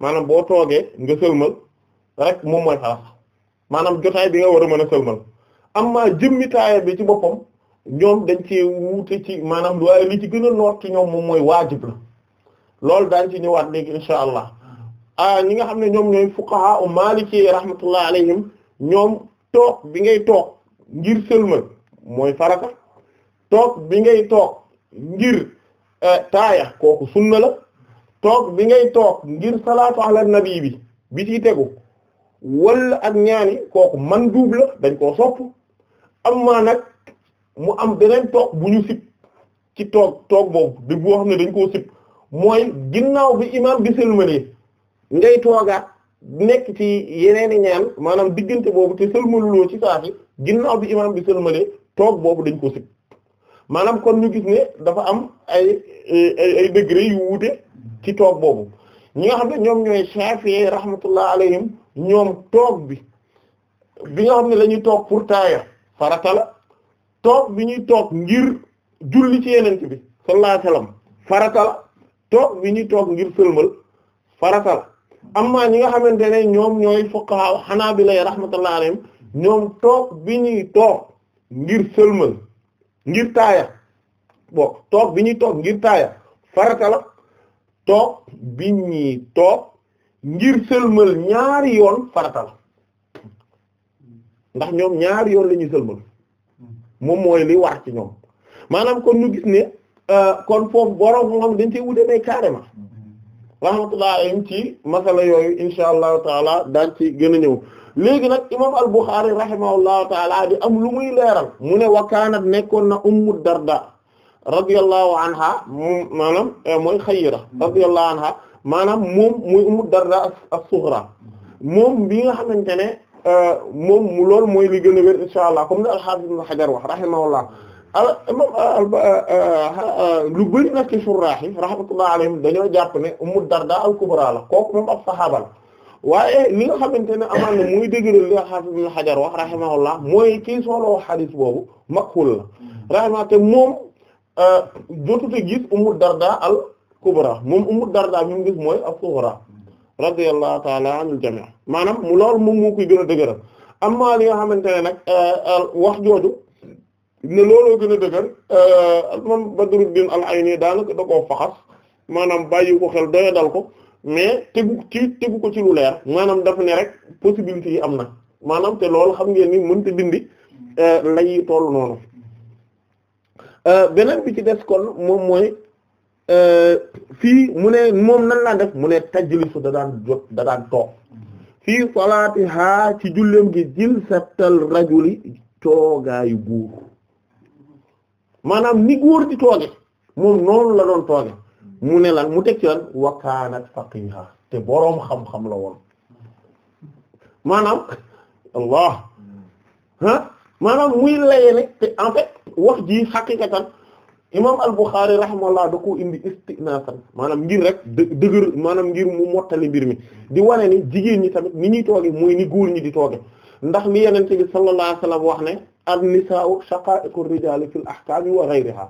maanaam boo toogee nga sëlmal rek moom mooy farata maanaam jotaay bi nga war a mën a sëlmal amma jëmmi taaya bi ci boppam ñoom dañ cee wuute ci maanaam waaye li ci gën a ci ñoom moom mooy waajib la loolu daañ ci ñëwaat léegi insha allah ah ñi nga xam ne ñoom ñooy fuqaha u maliki rahmatullah alayhim ñoom toog bi ngay toog ngir sëlmal mooy faraka toog bi ngay toog ngir e, taaya kooku sunna la toog bi ngay toog ngir salaatu ala nabi bi bi ciy tegu wala ak ñaani kooku man duub la dañ koo sopp am maa nag mu am beneen toog bu ñu sib ci toog toog boobu di boo xam ne dañ koo sib mooy ginnaaw bi imaam bi sëlmalee ngay toogaat nekk ci yeneeni ñaan maanaam diggante boobu te sëlmaluloo ci saati ginnaaw bi imaam bi sëlmalee toog boobu dañ koo sib maanaam kon ñu gis ne dafa am ay ay ay yu wuute ci toog boobu ñi nga xam ne ñoom ñooy Shafi'i rahmatullah alayhim ñoom toog bi bi nga xam ne la toog pour taaya farata toog bi ñuy toog ngir julli ci yenent bi sallallahu alayhi wasallam farata toog ngir sëlmal farata la amma ñi nga xamante ne ñoom ñooy fuqaha Hanabila rahmatullah alayhim ñoom toog bi ñuy toog ngir sëlmal ngir taaya bon toog bi ñuy toog ngir taaya farata la toog bi ñi toog ngir sëlmal ñaari yoon farata la ndax ñoom ñaari yoon la ñuy sëlmal moom mooy li war ci ñoom maanaam kon ñu gis ne euh, kon foofu borom moom dañ cee wute mais carrément rahmatullah alayhim ci masala yooyu insha allahu taala daan ci gën a ñëw léegi nag imam al Bukhari rahimahullahu taala di am lu muy leeral mu ne wa kaanat nekkoon na ummu darda radiyallahu anha moom maanaam eh, mooy xayira radiyallahu anha maanaam moom muy umu darda as-sughra moom bi nga xamante ne eh, moom mu loolu mooy li gën a wér insha allah comme ne al-hafiz ibn hajar wax rahimahullah al imam eh, lu bëri nag ci shurraax yi rahmatullah alayhim dañoo jàpp ne umu darda al-kubra la kooku moom ab saxaaba la waaye li nga xamante ne amaan na muy dëgëral li al-hafiz ibn hajar wax rahimahullah mooy kii sooloo xadis boobu maqul la rahimahullah te moom Euh, jotuta gis Ummu Darda al kubra moom Ummu Darda mi gis mooy al sughra radiyallahu ta'ala anil jami' maanaam mu loolu moom moo koy gën a dëgëral li nga xamante ne nag euh, wax jooju ne looloo gën a dëgër euh, moom Badruddin al-Ayni daanaka da faxas maanaam bàyyi ko xel doya dal ko mais tegu ci tegu ko ci lu leer maanaam dafa ne rek possibilité yi am na maanaam te loolu xam ngeen ni mënta dindi lay toll noonu Euh, beneen bi ci des kon moom mooy euh, fii mu ne moom nan laa def mu ne tajlisu da daan jot da daan toog fii salaatiha ci julleem gi jil sattal rajuli toogaayu góor maanaam ni góor di tooge moom noonu la doon tooge mu ne lan mu teg ci lan wakaanat faqiha te boroom xam-xam la woon maanaam allah ah maanaam muy layene te en wax jii xaqiqatan imam al-Bukhari rahimahullah da koo indi istinaasan maanaam ngir rek dë dëgër maanaam ngir mu mottali mbir mi di wane ni jigéen ñi tamit ni ñuy tooge mooy ni góor ñi di tooge ndax li yenente bi sallallahu alayhi wasallam wax ne an-nisaa'u shaqaa'iqu rijaali fil ahkaami wa ghayrihaa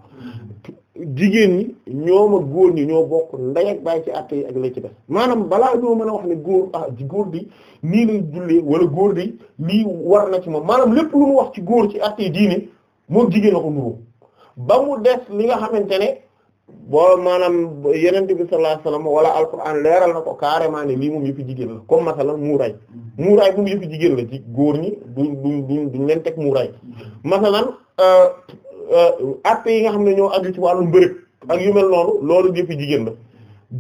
jigéen ñi ñoom ak góor ñi ñoo bokk ndey ak baay ci àtte yi ak la ci def maanaam balaa ñoo mën a wax ne góor ah góor di nii lay wala góor di lii war na ci moom maanaam lépp lu mu wax ci góor ci àtte yi moom jigéen la ko nuru ba mu des li nga xamante ne boo maanaam yenente bi sallallahu alayhi wasallam wala alquran leeral na ko carrément ne lii moom yëpp jigéen la comme masalan muuraay muuraay moom yëpp jigéen la ci góor ñi du du du duñ leen teg muuraay masalan euh, euh, actes yi nga xam ne ñoo aju ci wàllu mbërëg ak yu mel noonu loolu yëpp jigéen la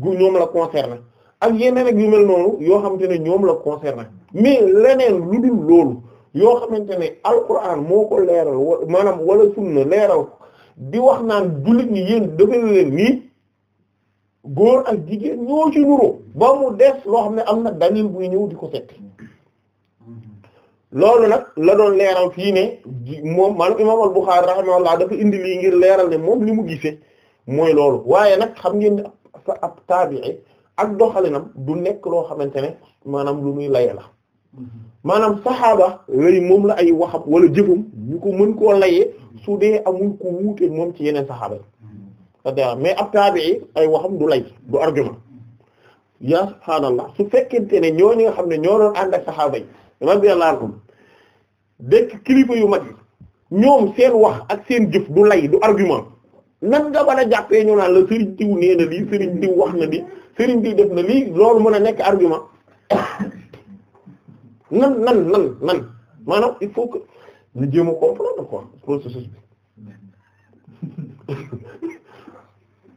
gu ñoom la na ak yeneen ak yu mel noonu yoo xamante ne ñoom la concerné mais leneen lu dul loolu yoo xamante ne alquran moo ko leeral wa maanaam wala sunna leeral di wax naan jullit ñi yéen defal leen nii góor ak jigéen ñoo ci nuroo ba mu des loo xam ne am na dalil buy ñëw di ko seet loolu nag la doon leeral fii ne moom maanaam imaam al-Bukhari rahimahullah dafa indi lii ngir leeral ne moom li mu gisee mooy loolu waaye nag xam ngeen ne ab tabi'i ak doxalinam du nekk loo xamante ne maanaam lu muy laye la maanaam saxaaba lay moom la ay waxam wala jëfam ñu ko mën koo layee su dee amul ku wuute moom ci yeneen saxaaba yi mais ab taabii ay waxam du lay du argument yaa subhaanallah su fekkente ne ñoo ñi nga xam ne ñoo doon ànd ak saxaaba yi radiyallahu anhum dëkk kilifa yu mag yi ñoom seen wax ak seen jëf du lay du argument nan nga mën a jàppee ñu naan la sëriñ diw nee na lii sëriñ diw wax na lii sëriñ diw def na lii loolu mën a nekk argument nan nan nan maanaam il faut que ñu jéem a comprendre quoi processus bi (laughs)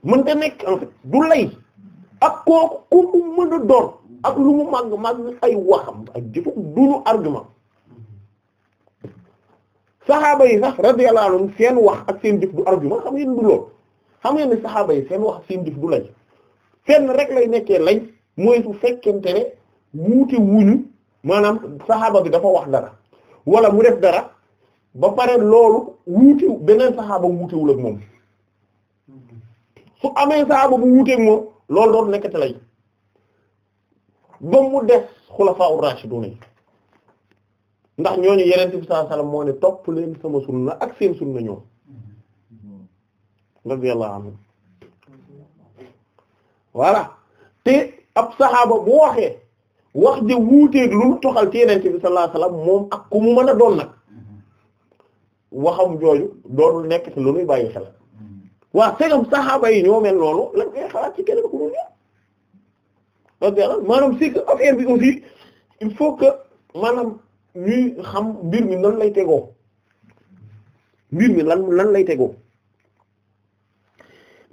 mën te nekk du lay ak kooku ku mu mën ak lu mu màgg màgg ay waxam ak jëfam duñu argument saxaaba yi sax radiyallahu anhum seen wax ak seen jëf du argument xam ngeen du lool xam ngeen saxaaba yi seen wax ak seen jëf du lay fenn rek lay nekkee lay mooy su fekkente ne wuute wuñu maanaam saxaaba bi dafa wax dara wala mu def dara ba pare loolu wuutiw beneen saxaaba wuutiwul ak moom su amee saxaaba bu wuuteeg moom loolu dootu nekkati lay ba mu def xulafaa ur yi ndax ñooñu yeneen bi sallallahu alayhi wasallam moo ne topp leen sama sunna ak seen sunna ñoom radiyallahu anhu voilà te ab saxaaba bu waxee wax de wuuteeg lu toxal ci yeneen bi sallallahu alayhi wasallam moom ak ku mu mën a doon nag waxam jooju doonul nekk ci lu muy bàyyi xel waa segam saxaaba yi ñoo mel loolu lan xalaat ci keneen ku mu ñëw parce que il faut que maanaam ñuy xam mbir mi nan lay tegoo mbir mi lan lan lay tegoo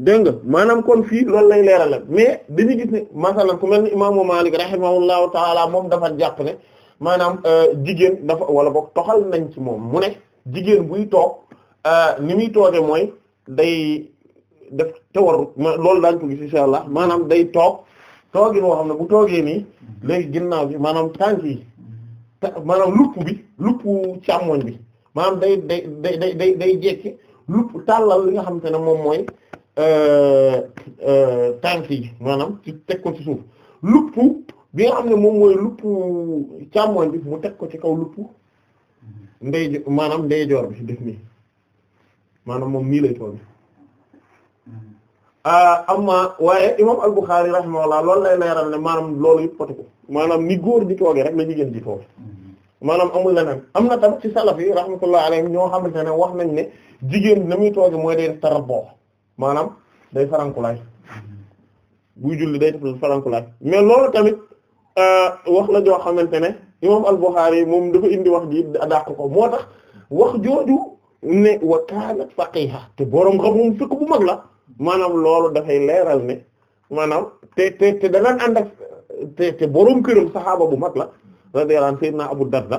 dégg nga maanaam kon fii loolu lay leeralal mais dañuy gis ne masalan ku mel ni imaamu Maalik rahimahullahu taala moom dafa jàpp ne maanaam euh, jigéen dafa wala boog toxal nañ ci moom mu ne jigéen buy toog euh, ni muy tooge mooy day def te war loolu daañu ko gis insha allah maanaam day toog toogin woo xam ne bu toogee nii léegi ginnaaw bi maanaam tànk yi maanaam lupp bi luppu càmmoñ bi maanaam day day day day day jekki lupp tàllal li nga xamante ne moom mooy Euh, euh, tànk yi maanaam ci teg ko ci suuf lupp bi nga xam na moom mooy lupp càmmoñ bi mu teg ko ci kaw lupp ndey maanaam ndeyjoor bi def nii maanaam moom nii lay toll mm-hmm. ah, amma waaye imam al-Bukhari rahimahullah lool lay leeral ne maanaam loolu yëpp poti ko maanaam ni góor di toogee rek la jigéen di toog mm-hmm. maanaam amul leneen am na tam ci salaf yi rahmatullah alayhim ñoo xamante ne wax nañ ne jigéen na muy tooge mooy day def taraboo maanaam day farankulaay buy julli day def farankulaay mais loolu tamit euh, wax la joo xamante ne imam al-Bukhari moom dafa indi wax ji dàq ko moo tax wax jooju ne wa kaanat faqiha te boroom xamum fekk bu mag la maanaam loolu dafay leeral ne maanaam te te te danaan ànd ak boroom këram saxaaba bu mag la radiyallahu anhu sayyidina Abu Darda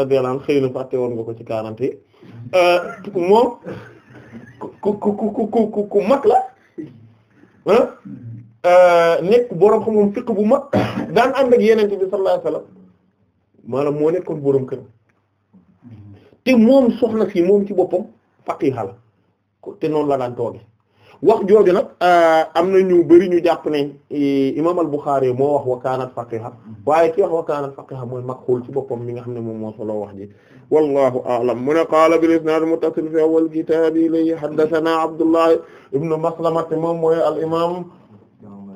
radiyallahu anhu xëy na fàtte woon ci quarante yi euh, moom ku ku ku ku ku mag la ah euh, nekk borom xam-xam bu mag daan ànd ak Yonent bi sallallahu wasallam maanaam moo nekk nekkoon borom kër te moom soxna si moom ci boppam faqiiha la te noonu la daan toogee. wax jooju nag euh, am na ñu bari ñu jàpp ne eh, imaam al-Bukhari moo wax wa kaanat faqiha waaye ki wax wa kaanat faqiha mooy maqul ci boppam mi nga xam ne moom moo solo wax ji wallahu a'lam mu ne qaala bil isnaad muttasil fi awwal kitaab ilayhi haddathana Abdullah ibn Maslama moom mooy al-imaam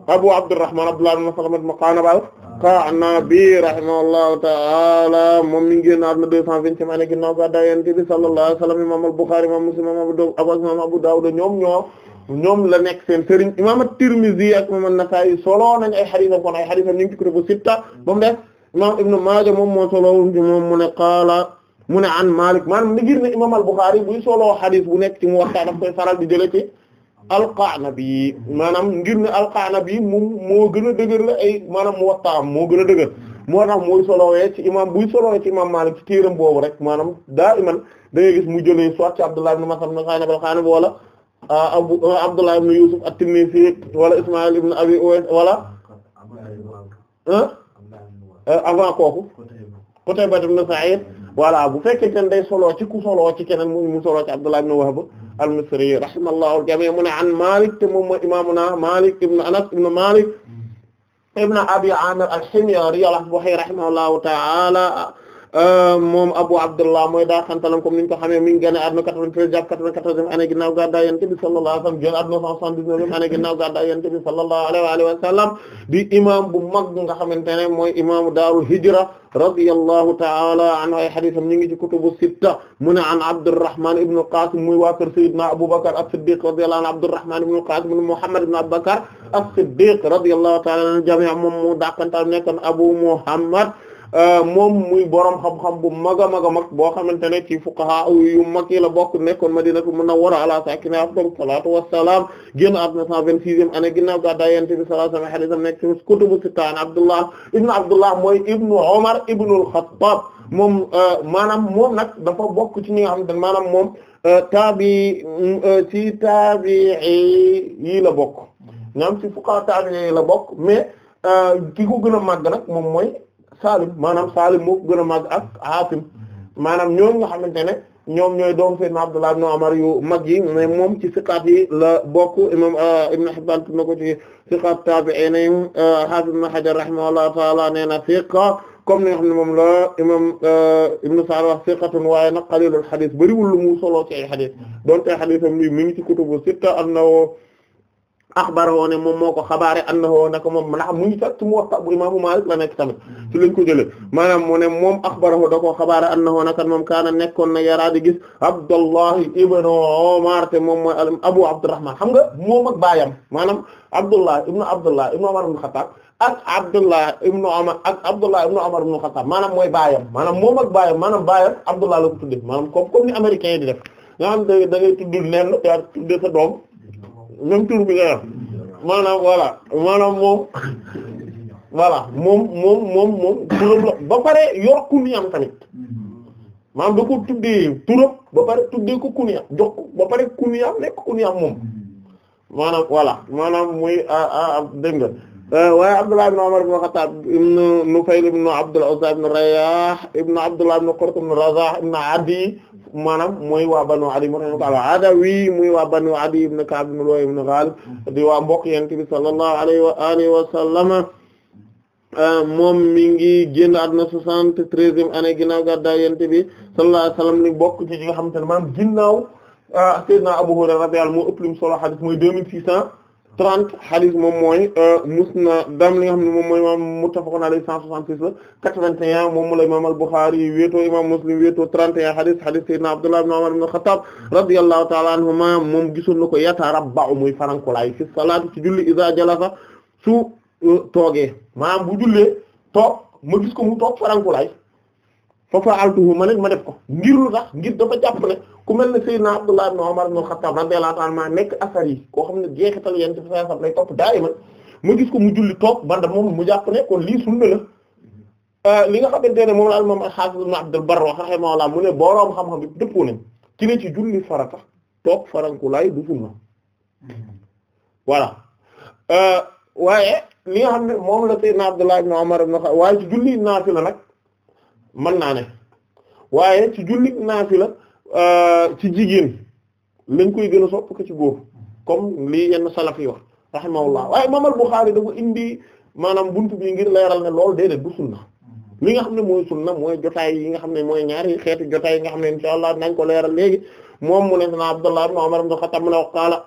Abu Abdurrahman Abdullah ibn Maslama al-Qanabi al-Qanabi rahimahullahu ta'ala moom mi ngi génn àdduna deux cent vingtième année ginnaaw gàddaay Yonent bi sallallahu alayhi wa sallam imaam al-Bukhari imaam Muslim Abu Dawud ñoo ñoom la nekk seen sëriñ imam at-Tirmidhi ak imam an-Nasa'i solo nañ ay xadisam kon ay xadisam ñu ngi ci kutubu sitta ba mu def imam Ibn Maaja moom moo solo moom mu ne qaala mu ne an Maalik maanaam ni ngir ne imam al-Bukhari buy solo xadis bu nekk ci Muwatta daf koy faral di jëlee ci al-Qa'nabi maanaam ngir ne al-Qa'nabi moom moo gën a dëgër la ay maanaam Muwatta moo gën a dëgër moo tax muy solowee ci imam buy solowee ci imam Maalik ci téeram boobu rek maanaam daa iman gis mu jëlee soit ci Abdullah ibn Mas'ud ibn Qa'nab al abu Abdullah ibn Yusuf at-Tinnisi wala Ismaïl ibn Abi Uways wala ah, avant kooku Qutayba ibn Sa'id voilà bu fekkee kenn day soloo ci ku soloo ci keneen mu soloo ci Abdullah ibn Wahb al-Misri rahimallahu al-jami' mu ne an Malik te moom mooy imamuna Malik ibn Anas ibn Malik hmm. ibn Abi Amir al-Himyari rahimahullahu ta'ala Euh, moom Abu Abdullah mooy daa xantalam comme ni ñu ko xamee mi ngi génn àdduna 93 jàpp 94 année ginnaaw gàddaay Yonent bi sallallahu alayhi wa sallam génn àdduna 179 année ginnaaw gàddaay Yonent bi sallallahu alayhi wa sallam di imam bu mag nga xamante ne mooy imaamu daaru hijra radiyallahu ta'ala anhu ay hadiisam ñu ngi ci kutubu sitta mu ne an Abdurrahman ibn al-Qasim muy waa kër Sayyidina Abubakar as-Siddiq radiyallahu anhu Abdurrahman ibn al-Qasim ibn Muhammad ibn Abubakar as-Siddiq radiyallahu ta'ala anhu jami' moom mu dàqantal nekkoon Abu Muhammad Euh, moom muy borom xam-xam bu mag a mag a mag boo xamante ne ci fuqaha yu mag yi la bokk nekkoon Madinatu Munawwara ala saakinihaa afdalu salaatu wassalaam génn àdduna 126e année ginnaaw gàddaay Yonent bi sallallahu alayhi wa sallam hadiisam nekk ci kutubu sitta Abdullah ibnu Abdullah mooy ibnu Umar ibnu al-Khattab moom euh, maanaam moom nag dafa bokk ci ñi nga xam ne maanaam moom euh, taabi ci taabi yi la bokk ñaam ci fuqaha taabi yi la bokk mais ki ko gën a màgg nag moom mooy. Salim maanaam Salim moo gën a màgg ak Asim maanaam ñoom nga xamante ne ñoom ñooy doom Seydina Abdullah ibn Umar yu mag yi mais moom ci siqaat yi la bokk imam uh, Ibn Hibban tudd na ko ci siqaat taabi'iin yi uh, Hafiz Ibn Hajar rahimahullahu ta'ala nee na siqa comme ni nga xam la imam uh, Ibn Sa'd wax siqatun waaye nag qaliilul hadiis bariwul lu mu solo ci ay hadiis donte hadiisam mi ngi ci kutubu sitta annahu axbarahu ne moom moo ko xabaare annahu naka moom ndax mu ngi sax ci Muwatta bu imaamu Maalik la nekk tamit ci lañ ko jëlee maanaam mu ne moom axbarahu da koo xabaare annahu naka moom kaana nekkoon na yaraa di gis Abdullahi ibn Umar te moom mooy Abu Abdurrahman xam nga moom ak baayam maanaam Abdullah ibn Abdullah ibn Umar ibn Khattab ak Abdullah ibn Umar ak Abdullah ibn Umar ibn Khattab maanaam mooy baayam maanaam moom ak baayam maanaam baayam Abdullah la ko tuddee maanaam comme comme ni américain yi di def nga xam da ngay tudd lenn yaa tuddee sa doom même tur bi nga yor maanaam voilà maanaam moom voilà moom moom moom moom turam la ba pare yor kuniyam tamit maanaam da ko tuddee turam ba pare tuddee ko kuniyam jox ko ba pare kuniyam voilà maanaam muy dégg nga euh, waaye Abdullah ibn Umar ibn Khattab ibn Nufayl ibn Abdul Uzza ibn Rayah ibn Abdullah ibn Qurt ibn Razah ibn Adi maanaam mooy waa banu adi ibn Ka'b al-Adawi muy waa banu adi ibn Ka'b waa mbokk yonent bi sallallahu alayhi wa alihi wa sallama moom mi ngi génn àdduna na treizième année ginnaaw gàddaay yonent bi sallallahu alayhi wa sallam bokk ci ñi nga xamante ne maanaam ginnaaw ah, Seydina Abu Hurayra radiyallahu anhu moo ëpp lim solo hadith mooy 30 hadith moom mooy euh, musnadam li nga xam ne moom mooy imam muttafaqun alayhi 166 la 81 moom mu la imam al-Bukhari y wéetoo imam Muslim wéetoo 31 hadith hadith sayyidina Abdullah ibn Umar ibn al-Khattab radiyallahu ta'ala anhuma moom gisoon na ko yatarabba'u muy farankulaay fi salaati ci julli iza jalasa su euh, toogee maanaam bu jullee toog ma gis ko mu toog farankulaay fa fa'altuhu ma ma def ko ngir lu tax ngir dafa jàpp ne ku mel ne Seydina Abdullah ibn Umar ibn al-Khattab radiyallahu anhu nekk yi koo xam ne jeexital yéen ci saa lay topp daayima mu julli toog banda moom jàpp ne kon lii sunna la euh, ne moom la al-imam al-Hafiz ibn Abd al-Barr wax rahimahullah mu ne boroom xam-xam bi dëppoo nañ ci ne ci julli farata toog farankulaay du sunna euh, xam ne moom la Seydina Abdullah ibn Umar ibn al-Khattab waaye ci julli nag. mën naa ne waaye ci jullit naafila euh, ci jigéen lañ koy gën a sopp ko ci góor comme lii yenn salaf yi wax rahimahullah waaye imam al-Bukhari dafa indi maanaam buntu bi ngir leeral ne loolu déedéet du sunna li nga xam ne mooy sunna mooy jotaay yi nga xam ne mooy ñaari xeetu jotaay yi nga xam ne insha allah nañ ko leeral léegi moom mu ne sana Abdullah ibn Umar ibn Khattab mu ne wax kaala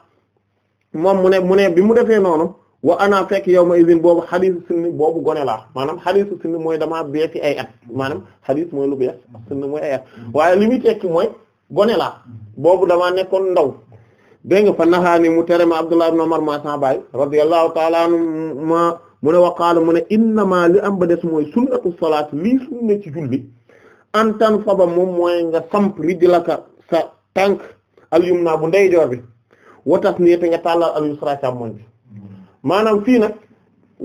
moom mu ne mu ne bi mu defee noonu wa ana fekk yow ma izin boobu xadisu sunni boobu gone laa maanaam xadisu mooy damaa beesi ay at maanaam xadis mooy lu bees sunni mooy ay at waaye li muy tekki mooy gone laa boobu damaa nekkoon ndaw dégg nga fa naxaani mu tere ma Abdullah ibn Umar ma sa baay radiyallahu ta'ala anhuma mu ne waqaala mu ne innama li am ba des mooy sunnatu salaat lii sunna ci julli an tan faba moom mooy nga samp rijlaka sa tànk al yumna bu ndeyjoor bi watas nii te nga tàllal al yusra càmmoñ bi maanaam fii nag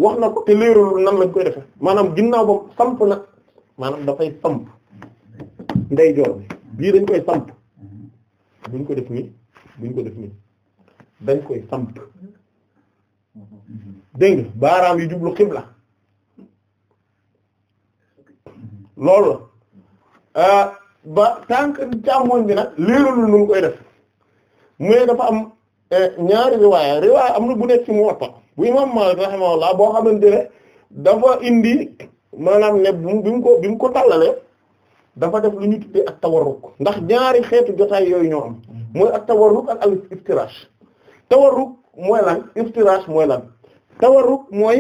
wax na ko te leerul nan lañ koy def maanaam ginnaaw ba samp nag maanaam dafay samp ndey joor bii dañ koy samp buñ ko def nii buñ ko def nii dañ koy samp dégg nga baaraam yi jublu xibla loolu la ah, ba tànk càmmoñ bi nag leeralul nu mu koy def mu dafa am eh, ñaari riwaaya riwaaya am na bu nekk ci Muwatta bu imam Maalik rahimahullah boo xamante ne dafa indi maanaam ne bi mu ko bi mu ko tàllale dafa def lu ñu tuddee ak tawarruk ndax ñaari xeetu jotaay yooyu ñoo am mooy ak tawarruk ak al iftiraash tawarruk mooy lan iftiraash mooy lan tawarruk mooy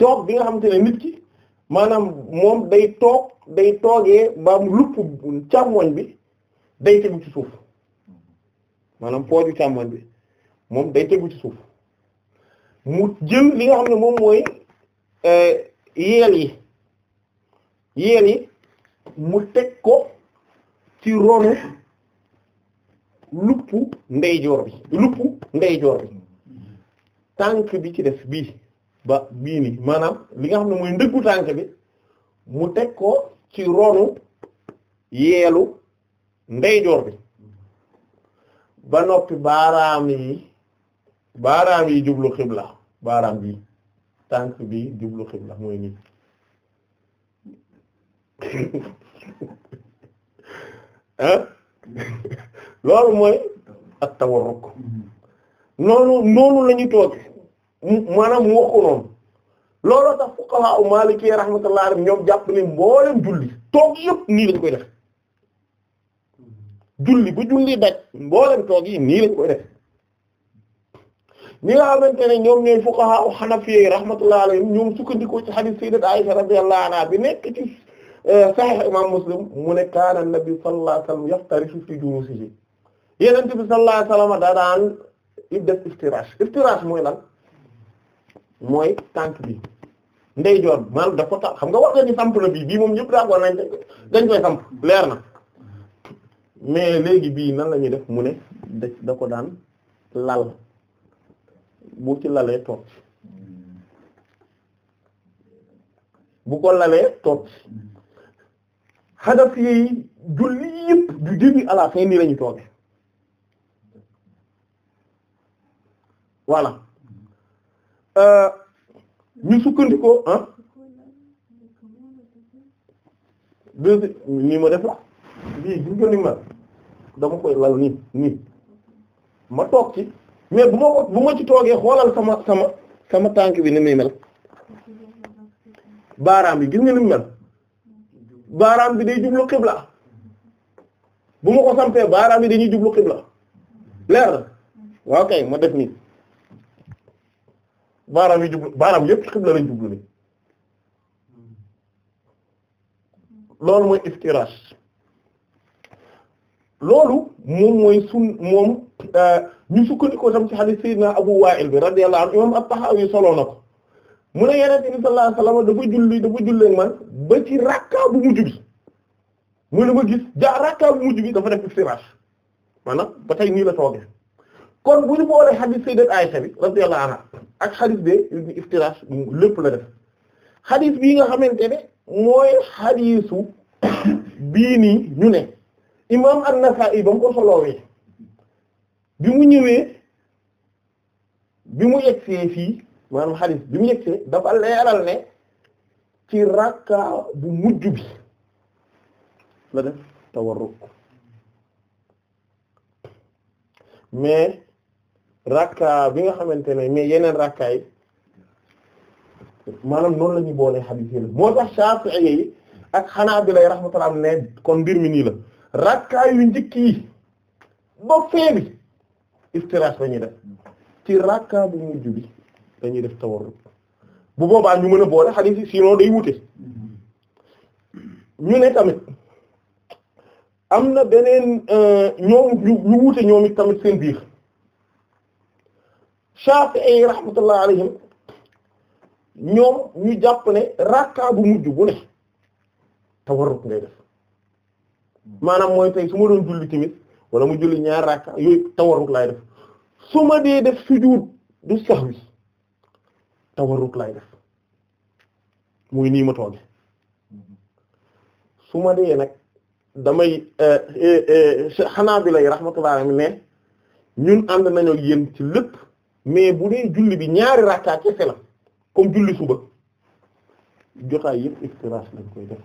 toog bi nga xamante ne nit ki maanaam moom day toog day toogee ba mu lupp càmmoñ bi day tegu ci suuf maanaam pooju càmmoñ bi moom day tegu ci suuf mu jël li nga xam ne moom mooy euh, yeel yi yeel yi mu teg ko ci ronu luppu ndeyjoor bi luppu ndeyjoor bi tànk bi ci def bii ba bii nii maanaam li nga xam ne mooy ndëggu tànk bi mu teg ko ci ronu yeelu ndeyjoor bi ba noppi baaraam yi baaraam yi jublu xibla baaraam bi tànk bi jublu xibla mooy nii (laughs) loolu mooy ak tawarruk noonu noonu la toog maanaam mu wax ko noonu looloo tax fuqaha u maliki rahmatullah alayhim ñoom jàpp ne mboolem julli toog yëpp nii lañ koy def julli bu julli daj mboolem toog yi nii lañ koy def ñi nga xamante ne ñoom ñooy fuqaha hanafiyyi rahmatullahi alayhim ñoom sukkandikoo ci hadith sayyidat Aisha radiyallahu anha bi nekk ci euh, a imam Muslim mu ne kaana an-nabi sallallahu alayhi wasallam yaftarishu fi julusihi yonent bi sallallahu alayhi wasallam da daan def mooy lan mooy tànk bi ndeyjoor maanaam dafa tax xam nga war nañu samp la bii bii moom ñëpp daa war nañ dañ koy samp leer na mais léegi bii nan la ñuy def mu ne da ko daan lal bu ci lalee toog bu ko lalee toog xanafi yi julli yëpp du début à la fin nii la euh, ñu voilà ñu sukkandikoo ah deux nii ma def la bii gis ma dama koy lal nii nii ma toog ci. mais bu ma ko bu ma ci toogee xoolal sama sama sama tànk bi ni muy mel baaraam bi gis nga ni mel baaraam bi day jublu xibla bu ma ko sampee baaraam bi dañuy jublu xibla leer na waaw kay ma def nii baaraam yi jublu baaraam yépp xibla lañ jublu ni loolu mooy iftiraash loolu moom mooy sun moom euh, ñu sukkandikoo tam ci hadith sayyidina Abu Wa'il bi radiyallahu anhu imam at-Tahawi soloo na ko mu ne yenente bi sallallahu alayhi wasallam dafa julli dafa jullee man ba ci rakka bu mujj bi mu ne ma gis ja rakka bu mujj bi dafa def firaash maanaam ba tey nii la tooge kon bu ñu boolee hadith sayyidat Aisha bi radiyallahu anha ak hadith bee iftiraash lépp la def hadith bii nga xamante ne mooy hadithu (coughs) bii nii ñu ne imaam an-Nasaa'i ba bam ko solowee bi mu ñëwee bi mu yegsee fii maanaam xadis bi mu yegsee dafa leeral ne ci rakka bu mujj bi la def tawarruk mais rakka bi nga xamante ne mais yeneen rakka yi maanaam noonu la ñuy boolee xadis yi la moo tax Shaafi'i yi ak Hanaabila rahmatullah ne kon mbir mi nii la rakkaa yu njëkk yi ba feebi iftiraash la ñuy def ci rakkaa bu mujj bi dañuy def tawarruk bu boobaa ñu mën a boole xadiis yi sinon day wute ñu ne tamit am na beneen euh, ñoom ñu wute ñoom tamit seen biir Shafi'i rahmatullah alayhim ñoom ñu jàpp ne rakkaa bu mujj bu ne tawarruk ngay def maanaam mooy tey su ma doon julli tamit wala mu julli ñaar rakka yooyu tawarruk laay def su ma dee def sujud du sahwi tawarruk laay def muy nii ma tooge su ma dee nag damay eh, eh, eh, xanaa bi lay rahmatullah mi ne ñun ànd nañu ak yéen ci lépp mais bu dee julli bi ñaari rakka kese la comme julli suba jotaay yëpp iftiraas lañ koy def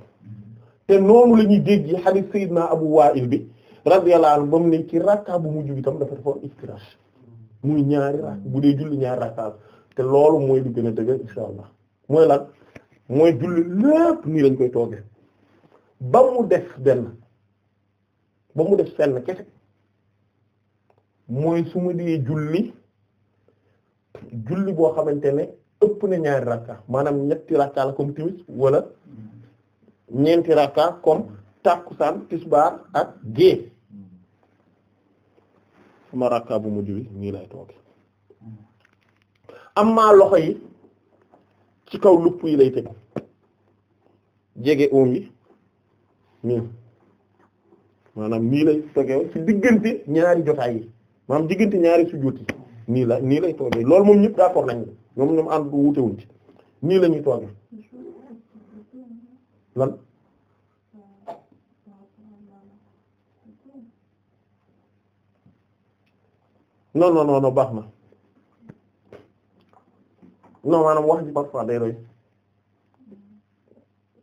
te noonu la ñuy dégg hadith Seydina Abu Wa'il bi radiyallahu anhu ba mu ne ci rakka bu mu bi tam dafa defoon iftirash muy ñaari rakk bu dee julli ñaari rakka te loolu mooy lu gën a dëgg insha allah mooy lan mooy julli lépp nii lañ koy toogee ba mu def benn ba mu def fenn kese mooy su ma dee julli julli boo xamante ne ëpp na ñaari rakka maanaam ñetti rakka la comme timis wala ñeenti rakka comme takkusaan tisbaar ak gée sama rakka bu mujj bi nii lay am maa loxo yi ci kaw lupp yi lay teg jege oom yi nii maanaam nii lay tooge ci diggante ñaari jotaay yi maanaam diggante ñaari sujjóot yi nii la nii lay tooge loolu moom ñëpp d'accord nañu ñoom ñoom ànd wutewuñ ci nii la ñuy tooge lan non non baax na non maanaam wax ji parfois day roy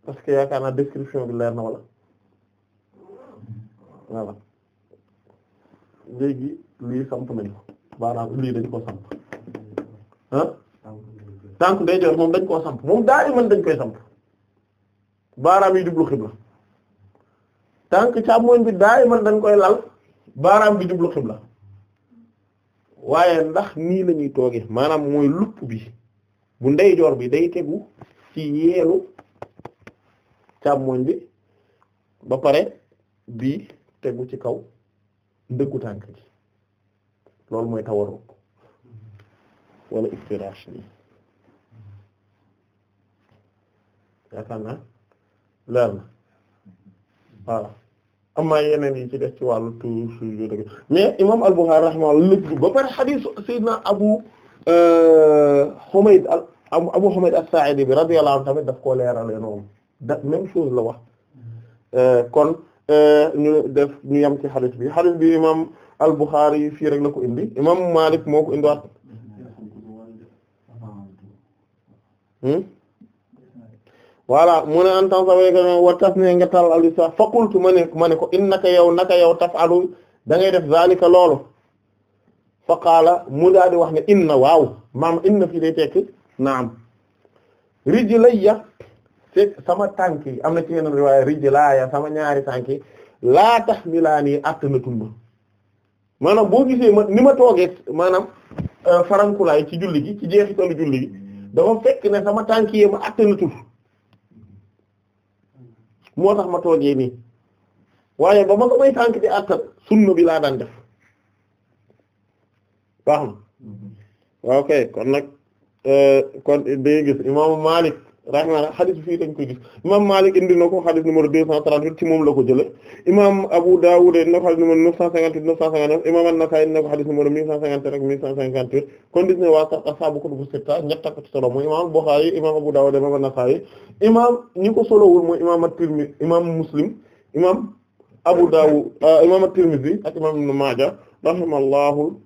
parce que yaakaar naa description bi leer na wala voilà léegi lii samp nañ ko maanaam lii dañ ko samp ah tànk day joxe moom dañ koo samp moom daa dañ koy samp baaraam yi jublu xibla tànk càmmoñ bi daay man dañ koy lal baaraam bi jublu xibla waaye ndax nii lañuy tooge maanaam mooy lupp bi bu ndeyjoor bi day tegu ci yeelu càmmoñ bi ba pare bii tegu ci kaw ndëkku tànk bi loolu mooy tawarruk wala iftiraash ni yaakaar leer na voilà yeneen yi ci def ci wàllu toujours mais imam al-Bukhari rahimahullah lépp ba pare hadith sayyidina Abu euh, Humayd Abu Humayd as-Sa'idi bi radiyallahu anhu tamit daf koo leerale noonu da même chose la wax euh, kon euh, ñu def ñu yem ci hadith bi hadith bi imam al-Bukhari fii rek la ko indi imam Malik moo ko indiwaat hmm? voilà mu ne an tan sawaye ko wa tas ne nga tal fa qultu ma ne ma ne ko innaka yow naka yow tafalu da ngay def zalika loolu fa qaala mu daa di wax ne inna waaw maam inna fii day tekki naam rijlayya fekk sama tànk yi am na ci yenn riwaaya rijlaaya sama ñaari tànk yi laa tahmilaani attanatul ma maanaam boo gisee ma ni ma toogee maanaam euh, farankulaay ci julli gi ci jeexitalu julli gi dafa fekk ne sama tànk yi ma attanatul moo tax ma toogee ni waaye ba ma ko may tànk di àttat sunna bi laa daan def baax na mm-hmm. ok kon nag euh, kon day gis imaamu Maalik rahimahullah xadis fii dañ koy gis imam Malik indi na ko xadis numéro 238 ci moom la ko jëlee imam Abu Dawud indi na ko xadis numéro 958 959 imam An-Nasa'i indi na ko xadis numéro 1151 ak 1158 kon gis ne waa ashaabu kutubu sitta ñett ak ci solo mooy imam Bukhari imam Abu Dawud imam An-Nasa'i imam ñi ko solowul mooy imam At-Tirmidhi imam Muslim imam Abu Dawud euh, imam At-Tirmidhi ak imam Ibn Maaja rahimahullahu